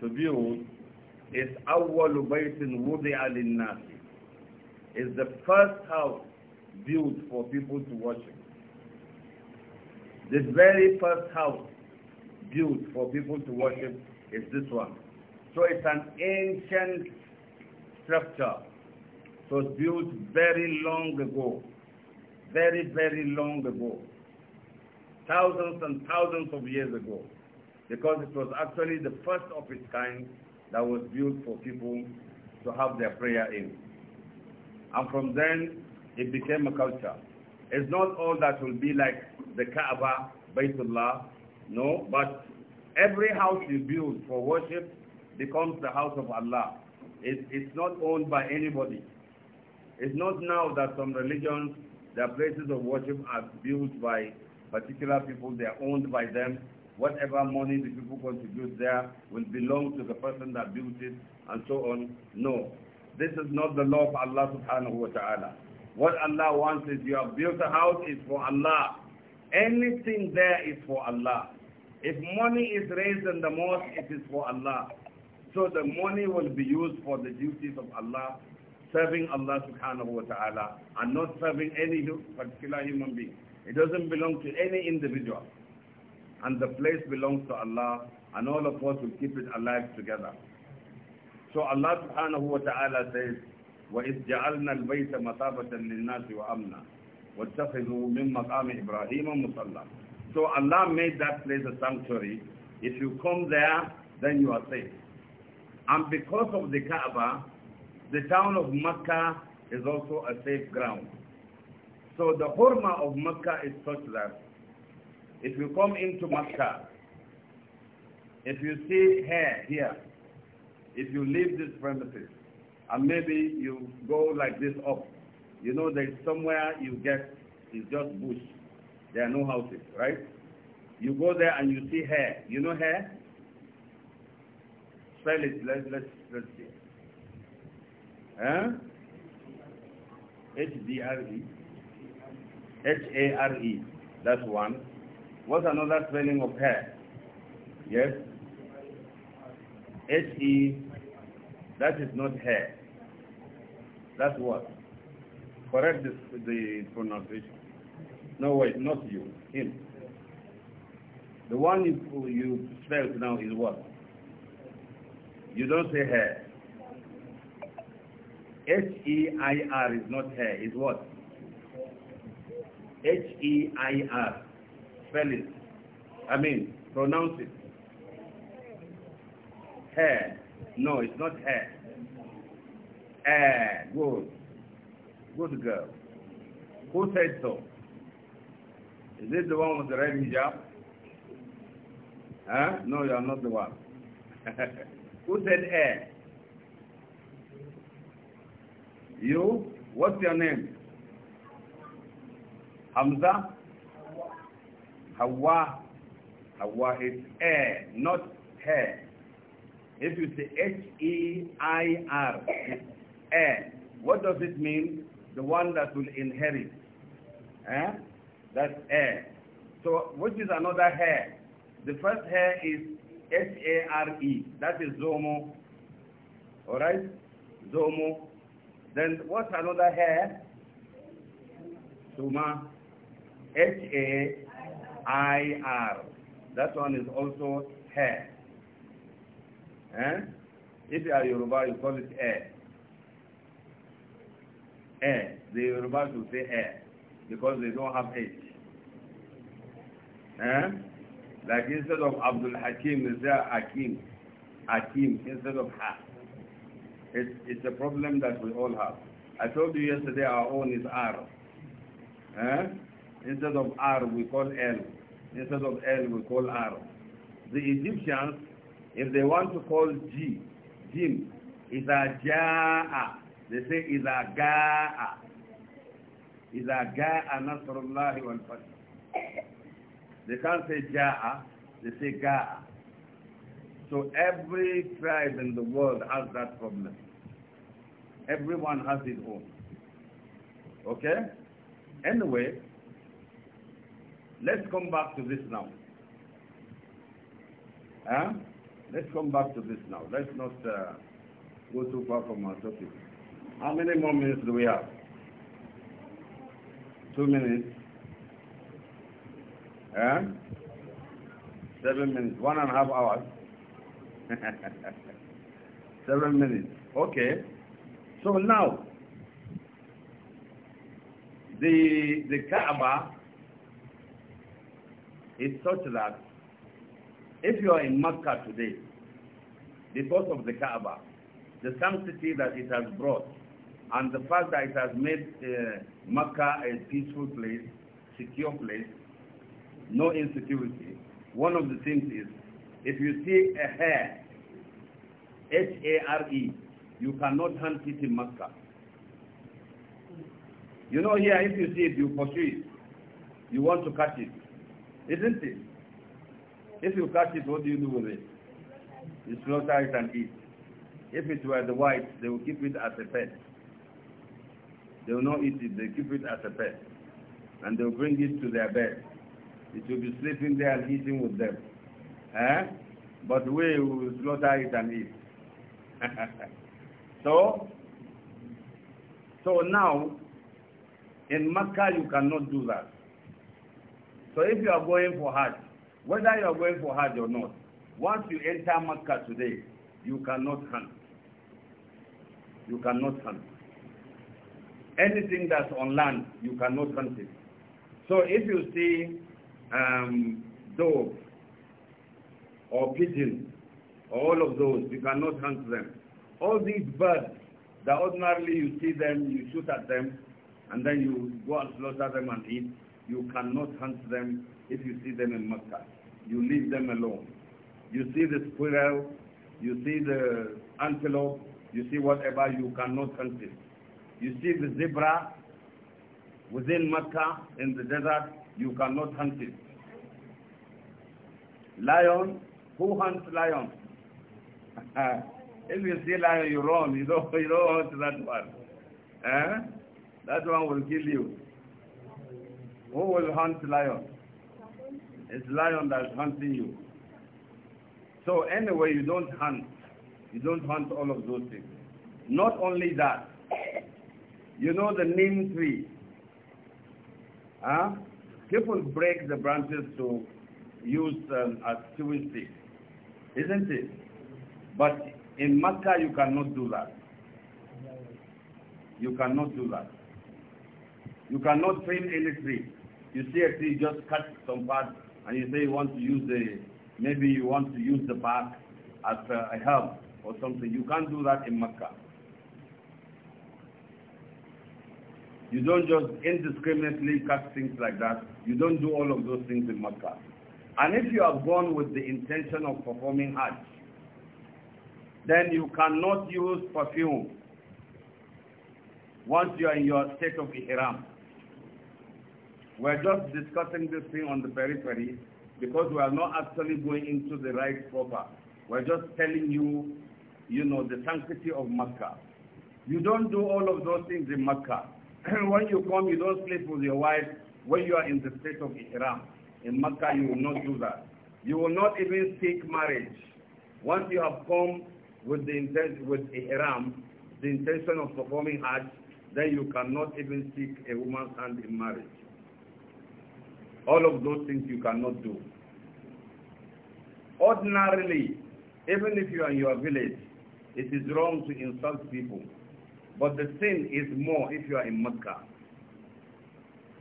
to build is awwal baytin wudi'a lin-nas. Is the first house built for people to worship. The very first house built for people to worship is this one. So it's an ancient structure. So it was built very long ago very, very long ago, thousands and thousands of years ago, because it was actually the first of its kind that was built for people to have their prayer in. And from then, it became a culture. It's not all that will be like the Kaaba, Baytullah, no, but every house you build for worship becomes the house of Allah. It, it's not owned by anybody. It's not now that some religions their places of worship are built by particular people. They are owned by them. Whatever money the people contribute there will belong to the person that built it and so on. No. This is not the law of Allah subhanahu wa ta'ala. What Allah wants is you have built a house, is for Allah. Anything there is for Allah. If money is raised in the mosque, it is for Allah. So the money will be used for the duties of Allah serving Allah subhanahu wa ta'ala and not serving any particular human being. It doesn't belong to any individual. And the place belongs to Allah and all of us will keep it alive together. So Allah subhanahu wa ta'ala says, وَإِذْ جَعَلْنَا الْبَيْتَ مَثَابَةً لِلنَّاسِ وَأَمْنًا وَاتَّخِذُوا مِنْ مَقَامِ إِبْرَاهِيمَ مُصَلَّى So Allah made that place a sanctuary. If you come there, then you are safe. And because of the Kaaba, the town of Mecca is also a safe ground. So the horma of Mecca is such that if you come into Mecca, if you see hair here, if you leave this premises, and maybe you go like this up, you know there's somewhere you get, is just bush. There are no houses, right? You go there and you see hair. You know hair? Spell it, let, let's, let's see. H-D-R-E. H-A-R-E. That's one. What's another spelling of hair? Yes? H-E. That is not hair. That's what? Correct the, the pronunciation. No, wait, not you. Him. The one you, you spelled now is what? You don't say hair. H-E-I-R is not hair, is what? H-E-I-R. Spell it. I mean, pronounce it. Hair. No, it's not hair. Air. Good. Good girl. Who said so? Is it the one with the red hijab? Huh? No, you are not the one. <laughs> Who said air? You? What's your name? Hamza? Hawa. Hawa is air, not hair. If you say H-E-I-R, air. What does it mean? The one that will inherit. Eh? That's air. So which is another hair? The first hair is H-A-R-E. That is Zomo. Alright? Zomo. Then what's another hair? Suma. H-A-I-R. That one is also hair. Eh? If you are Yoruba, you call it air. Air. The Yoruba will say air because they don't have H. Eh? Like instead of Abdul Hakim, they say Akim. Akim instead of Ha it's a problem that we all have. I told you yesterday our own is R. Eh? Instead of R, we call L. Instead of L, we call R. The Egyptians, if they want to call G, Jim, is a Ja'a. They say is a Ga'a. Is a Ga'a Nasrullahi wal Fatih. They can't say Ja'a, they say Ga'a. So every tribe in the world has that problem. Everyone has his own. Okay? Anyway, let's come back to this now. Huh? Let's come back to this now. Let's not uh, go too far from our topic. How many more minutes do we have? Two minutes. Huh? Seven minutes. One and a half hours. <laughs> Seven minutes. Okay. So now, the, the Kaaba is such that if you are in Makkah today, because of the Kaaba, the sanctity that it has brought, and the fact that it has made uh, a peaceful place, secure place, no insecurity, one of the things is, if you see a hair H-A-R-E. You cannot hunt it in Mecca. You know here, if you see it, you pursue it. You want to catch it. Isn't it? If you catch it, what do you do with it? You slaughter it and eat. If it were the white, they will keep it as a pet. They will not eat it, they keep it as a pet. And they will bring it to their bed. It will be sleeping there and eating with them. Eh? But we will slaughter it and eat. <laughs> so, so now, in Makkah you cannot do that. So if you are going for Hajj, whether you are going for Hajj or not, once you enter Makkah today, you cannot hunt. You cannot hunt. Anything that's on land, you cannot hunt it. So if you see um, dove or pigeons. All of those, you cannot hunt them. All these birds that ordinarily you see them, you shoot at them, and then you go and slaughter them and eat, you cannot hunt them if you see them in Mecca. You leave them alone. You see the squirrel, you see the antelope, you see whatever, you cannot hunt it. You see the zebra within Mecca in the desert, you cannot hunt it. Lion, who hunts lion? Uh, if you see lion, you run. You don't, <laughs> you don't want that one. Eh? That one will kill you. Who will hunt lion? It's lion that's hunting you. So anyway, you don't hunt. You don't hunt all of those things. Not only that, you know the neem tree. Huh? People break the branches to use them um, as chewing stick, isn't it? But in Mecca, you cannot do that. You cannot do that. You cannot trim any tree. You see a tree, just cut some part, and you say you want to use the, maybe you want to use the bark as a herb or something. You can't do that in Mecca. You don't just indiscriminately cut things like that. You don't do all of those things in Mecca. And if you have gone with the intention of performing Hajj, then you cannot use perfume once you are in your state of ihram. We're just discussing this thing on the periphery because we are not actually going into the right proper. We're just telling you, you know, the sanctity of Makkah. You don't do all of those things in Makkah. <clears throat> when you come, you don't sleep with your wife when you are in the state of ihram. In Makkah, you will not do that. You will not even seek marriage. Once you have come with the intent with ihram, the intention of performing Hajj, then you cannot even seek a woman's hand in marriage. All of those things you cannot do. Ordinarily, even if you are in your village, it is wrong to insult people. But the sin is more if you are in Mecca.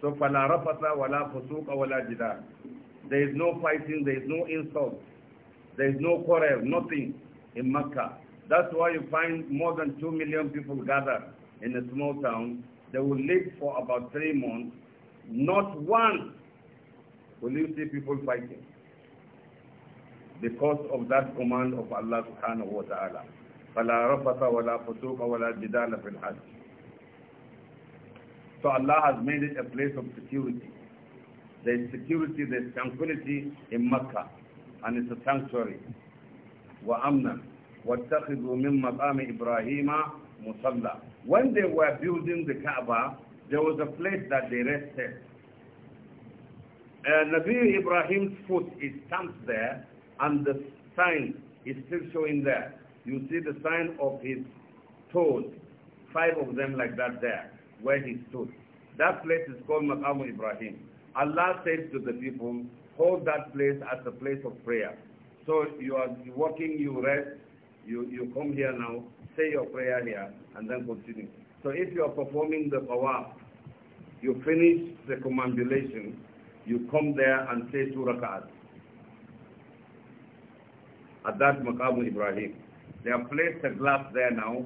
So فَلَا رَفَثَ وَلَا فُسُوقَ وَلَا There is no fighting, there is no insult, there is no quarrel, nothing in Mecca. That's why you find more than 2 million people gathered in a small town. They will live for about three months. Not once will you see people fighting because of that command of Allah subhanahu wa ta'ala. فَلَا رَفَثَ وَلَا فُسُوقَ وَلَا جِدَالَ فِي الْحَجِّ So Allah has made it a place of security. There is security, there is tranquility in Mecca, and it's a sanctuary. وأمنا واتخذوا من مقام إبراهيم مصلى When they were building the Kaaba, there was a place that they rested. Uh, Nabi Ibrahim's foot is stamped there and the sign is still showing there. You see the sign of his toes, five of them like that there, where he stood. That place is called Maqam Ibrahim. Allah says to the people, hold that place as a place of prayer. So you are working, you rest, you, you come here now, say your prayer here, and then continue. So if you are performing the tawaf, you finish the commandulation, you come there and say two rak'ahs. At that Maqam Ibrahim. They have placed a glass there now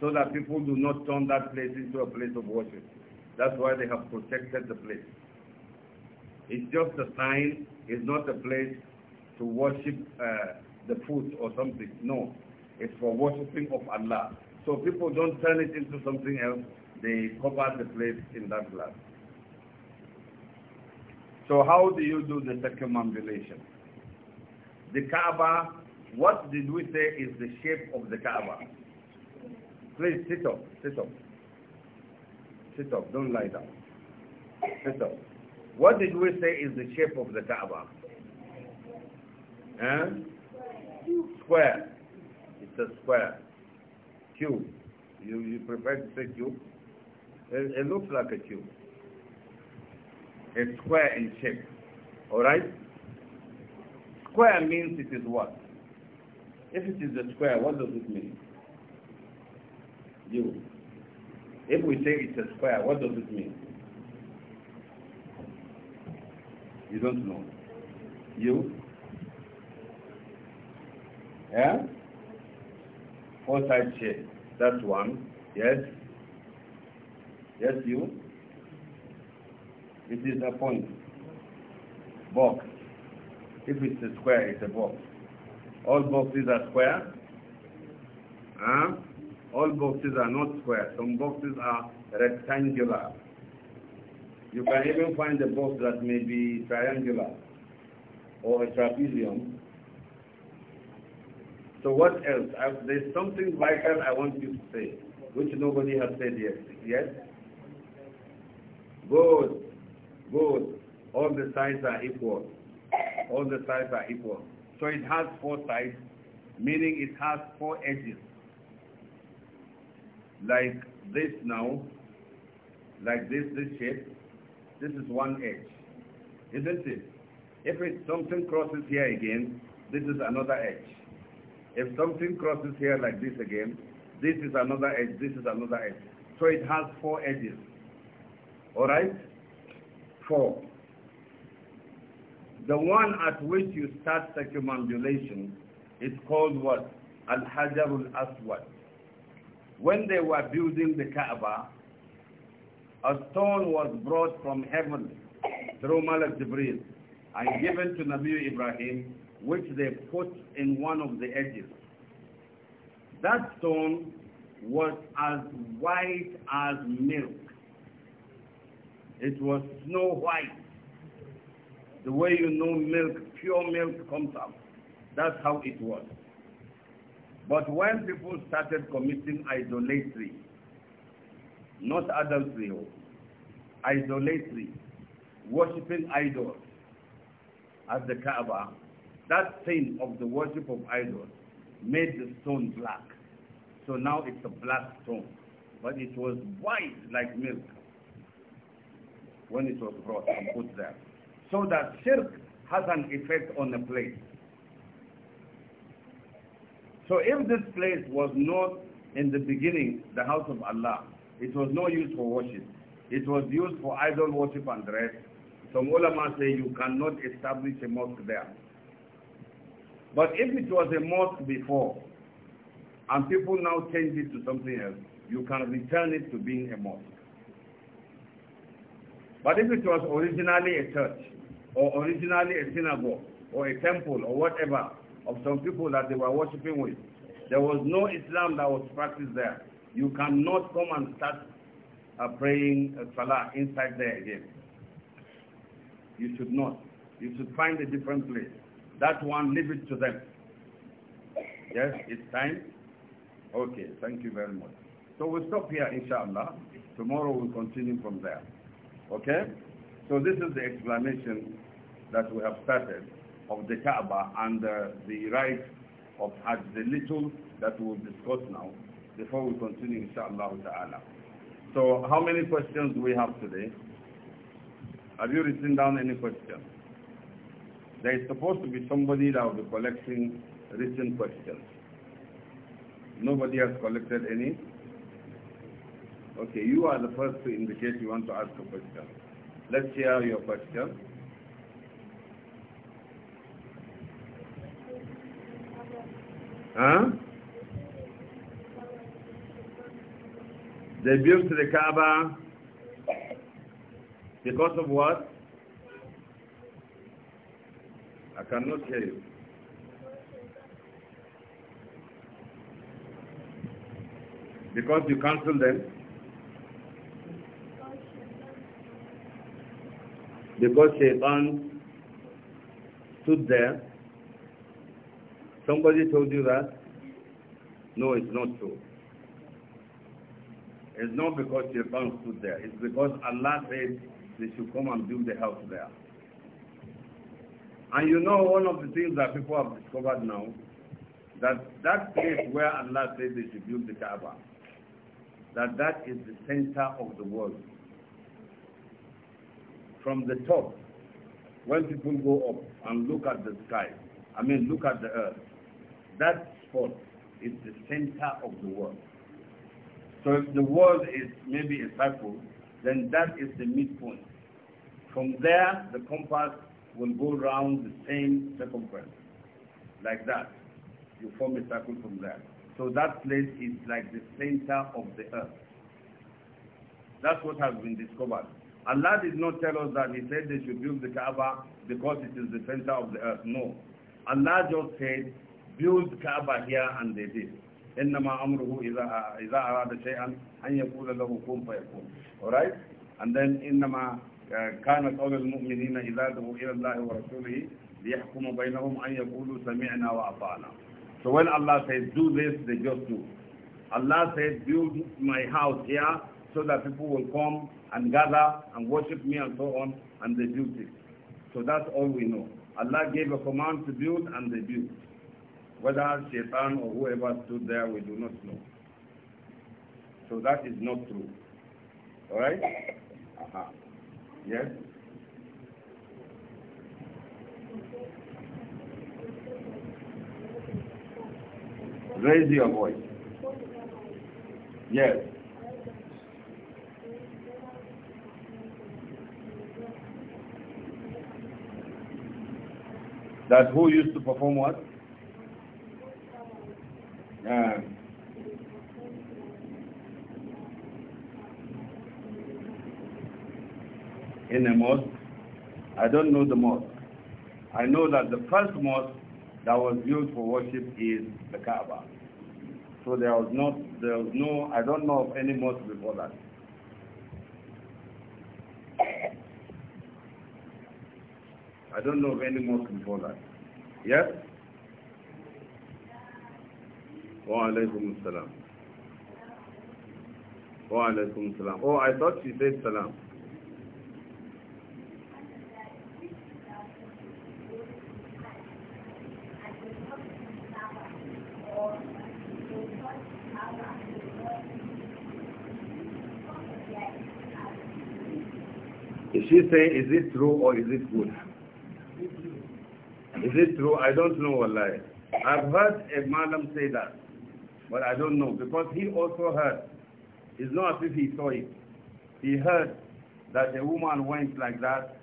so that people do not turn that place into a place of worship. That's why they have protected the place. It's just a sign, it's not a place to worship uh, the food or something. No, it's for worshiping of Allah. So people don't turn it into something else. They cover the place in that glass. So how do you do the circumambulation? The Kaaba, what did we say is the shape of the Kaaba? Please sit up, sit up. Sit up, don't lie down. Sit up. What did we say is the shape of the Kaaba? And Square. It's a square. Cube. You, you prefer to say cube? It, it looks like a cube. It's square in shape. Alright? Square means it is what? If it is a square, what does it mean? You. If we say it's a square, what does it mean? You don't know. You? Yeah? Four side shape. That's one. Yes? Yes, you? It is a point. Box. If it's a square, it's a box. All boxes are square. Huh? All boxes are not square. Some boxes are rectangular. You can even find a box that may be triangular or a trapezium so what else? I, there's something vital I want you to say, which nobody has said yet. Yes? Good. Good. All the sides are equal. All the sides are equal. So it has four sides, meaning it has four edges. Like this now, like this, this shape, this is one edge. Isn't it? If it, something crosses here again, this is another edge. If something crosses here like this again, this is another edge, this is another edge. So it has four edges. All right? Four. The one at which you start circumambulation is called what? Al-Hajarul Aswad. When they were building the Kaaba, a stone was brought from heaven through Malak Jibril and given to Nabi Ibrahim which they put in one of the edges. That stone was as white as milk. It was snow white. The way you know milk, pure milk comes out. That's how it was. But when people started committing idolatry, not adultery, oh, idolatry, worshipping idols at the Kaaba, that sin of the worship of idols made the stone black. So now it's a black stone. But it was white like milk when it was brought and put there. So that shirk has an effect on the place. So if this place was not in the beginning the house of Allah, it was no use for worship. It was used for idol worship and rest. Some ulama say you cannot establish a mosque there but if it was a mosque before, and people now change it to something else, you can return it to being a mosque. But if it was originally a church, or originally a synagogue, or a temple, or whatever, of some people that they were worshipping with, there was no Islam that was practiced there. You cannot come and start uh, praying uh, Salah inside there again. You should not. You should find a different place. That one, leave it to them. Yes, it's time. Okay, thank you very much. So we'll stop here, inshallah. Tomorrow we'll continue from there. Okay? So this is the explanation that we have started of the Kaaba and uh, the right of Hajj, the little that we'll discuss now before we continue, inshallah ta'ala. So how many questions do we have today? Have you written down any questions? There is supposed to be somebody that will be collecting written questions. Nobody has collected any? Okay, you are the first to indicate you want to ask a question. Let's hear your question. Huh? They built the Kaaba because of what? cannot hear you. Because you cancel them? Because Shaitan stood there. Somebody told you that? No, it's not true. It's not because Shaitan stood there. It's because Allah said they should come and build the house there. And you know one of the things that people have discovered now, that that place where Allah said they should build the Kaaba, that that is the center of the world. From the top, when people go up and look at the sky, I mean look at the earth, that spot is the center of the world. So if the world is maybe a circle, then that is the midpoint. From there, the compass will go round the same circumference, like that. You form a circle from there. So that place is like the center of the earth. That's what has been discovered. Allah did not tell us that He said they should build the Kaaba because it is the center of the earth. No. Allah just said, build Kaaba here and they did. إنما أمره إذا إذا أراد شيئا أن يقول له كن فيكون. Alright? And then إنما كان قول المؤمنين إذا دعوا إلى الله ورسوله بينهم أن يقولوا سمعنا وأطعنا So when Allah says do this, they just do. Allah says build my house here so that people will come and gather and worship me and so on, and they built it. So that's all we know. Allah gave a command to build and they built. Whether Shaitan or whoever stood there, we do not know. So that is not true. Alright? <laughs> Uh -huh. Yes? Raise your voice. Yes. That who used to perform what? Yeah. Uh, in a mosque? I don't know the mosque. I know that the first mosque that was used for worship is the Kaaba. So there was not, there was no, I don't know of any mosque before that. I don't know of any mosque before that. Yes? Wa alaikum salam. Wa alaikum salam. Oh, I thought she said salam. she say, is it true or is it good? Is it true? I don't know, lie. I've heard a madam say that, but I don't know, because he also heard. It's not as if he saw it. He heard that a woman went like that,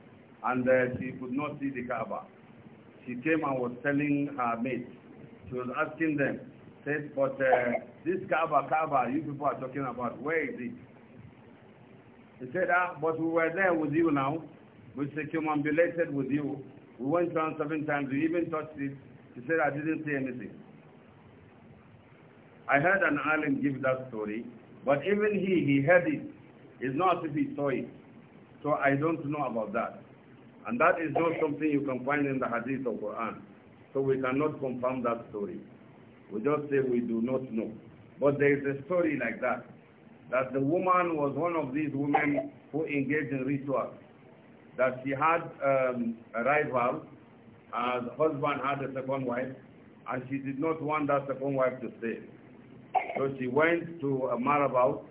and uh, she could not see the Kaaba. She came and was telling her mate. She was asking them, says, but uh, this Kaaba, Kaaba, you people are talking about, where is it? He said, ah, but we were there with you now. We circumambulated with you. We went around seven times. We even touched it. He said, I didn't say anything. I heard an alim give that story, but even he, he heard it. It's not as if he saw it. So I don't know about that. And that is not something you can find in the hadith of Quran. So we cannot confirm that story. We just say we do not know. But there is a story like that that the woman was one of these women who engaged in rituals. That she had um, a rival, uh, husband had a second wife, and she did not want that second wife to stay. So she went to a marabout,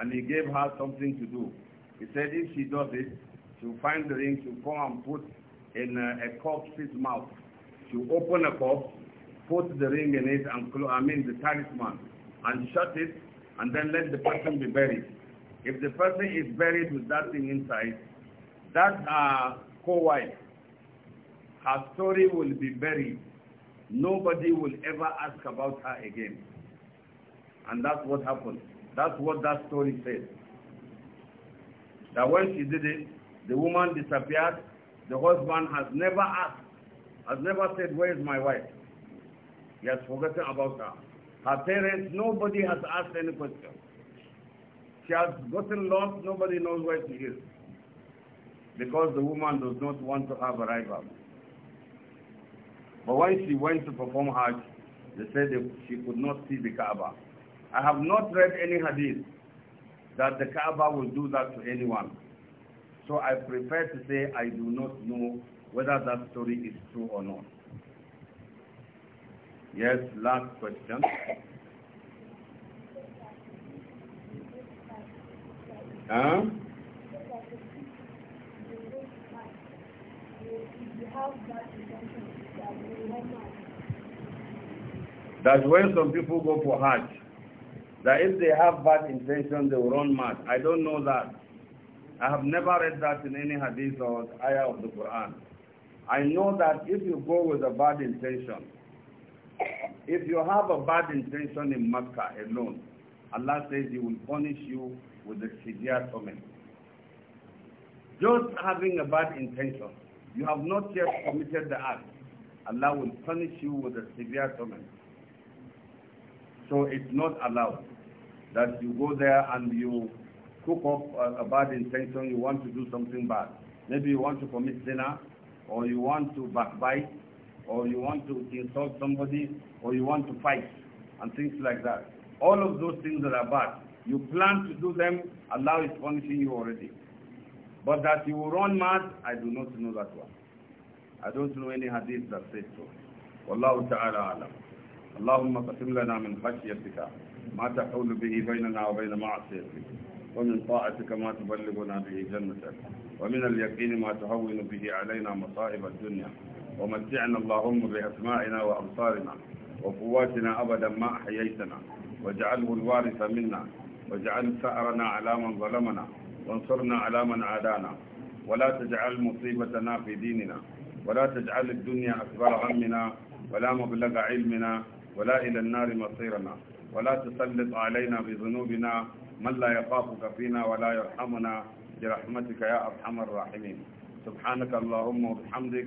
and he gave her something to do. He said if she does it, she'll find the ring, she'll come and put in a, a corpse's mouth. She'll open a corpse, put the ring in it, and I mean the talisman, and shut it, and then let the person be buried. If the person is buried with that thing inside, that uh, co-wife, her story will be buried. Nobody will ever ask about her again. And that's what happened. That's what that story says. That when she did it, the woman disappeared. The husband has never asked, has never said, where is my wife? He has forgotten about her. Her parents, nobody has asked any question. She has gotten lost, nobody knows where she is. Because the woman does not want to have a rival. But when she went to perform Hajj, they said that she could not see the Kaaba. I have not read any hadith that the Kaaba will do that to anyone. So I prefer to say I do not know whether that story is true or not. Yes, last question. Huh? That's when some people go for Hajj. That if they have bad intention, they will run mad. I don't know that. I have never read that in any hadith or ayah of the Quran. I know that if you go with a bad intention, if you have a bad intention in Makkah alone, Allah says He will punish you with a severe torment. Just having a bad intention, you have not yet committed the act. Allah will punish you with a severe torment. So it's not allowed that you go there and you cook up a, a bad intention, you want to do something bad. Maybe you want to commit sinner, or you want to backbite, or you want to insult somebody, or you want to fight, and things like that. All of those things that are bad. You plan to do them, Allah is punishing you already. But that you will run mad, I do not know that one. I don't know any hadith that says so. والله تعالى أعلم اللهم قسم لنا من خشيتك ما تحول به بيننا وبين معصيتك ومن طاعتك ما تبلغنا به جنتك ومن اليقين ما تهون به علينا مصائب الدنيا ومتعنا اللهم بأسمائنا وأبصارنا وقواتنا أبدا ما أحييتنا واجعله الوارث منا واجعل ثأرنا على من ظلمنا وانصرنا على من عادانا ولا تجعل مصيبتنا في ديننا ولا تجعل الدنيا أكبر همنا ولا مبلغ علمنا ولا إلى النار مصيرنا ولا تسلط علينا بذنوبنا من لا يخافك فينا ولا يرحمنا برحمتك يا أرحم الراحمين سبحانك اللهم وبحمدك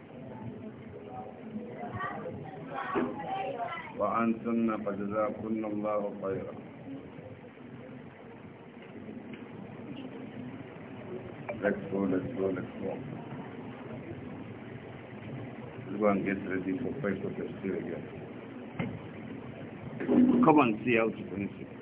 وأنتن فجزاكن الله خيرا Let's go, let's go, let's go. ready for Christ of the again. Come and see how to finish it.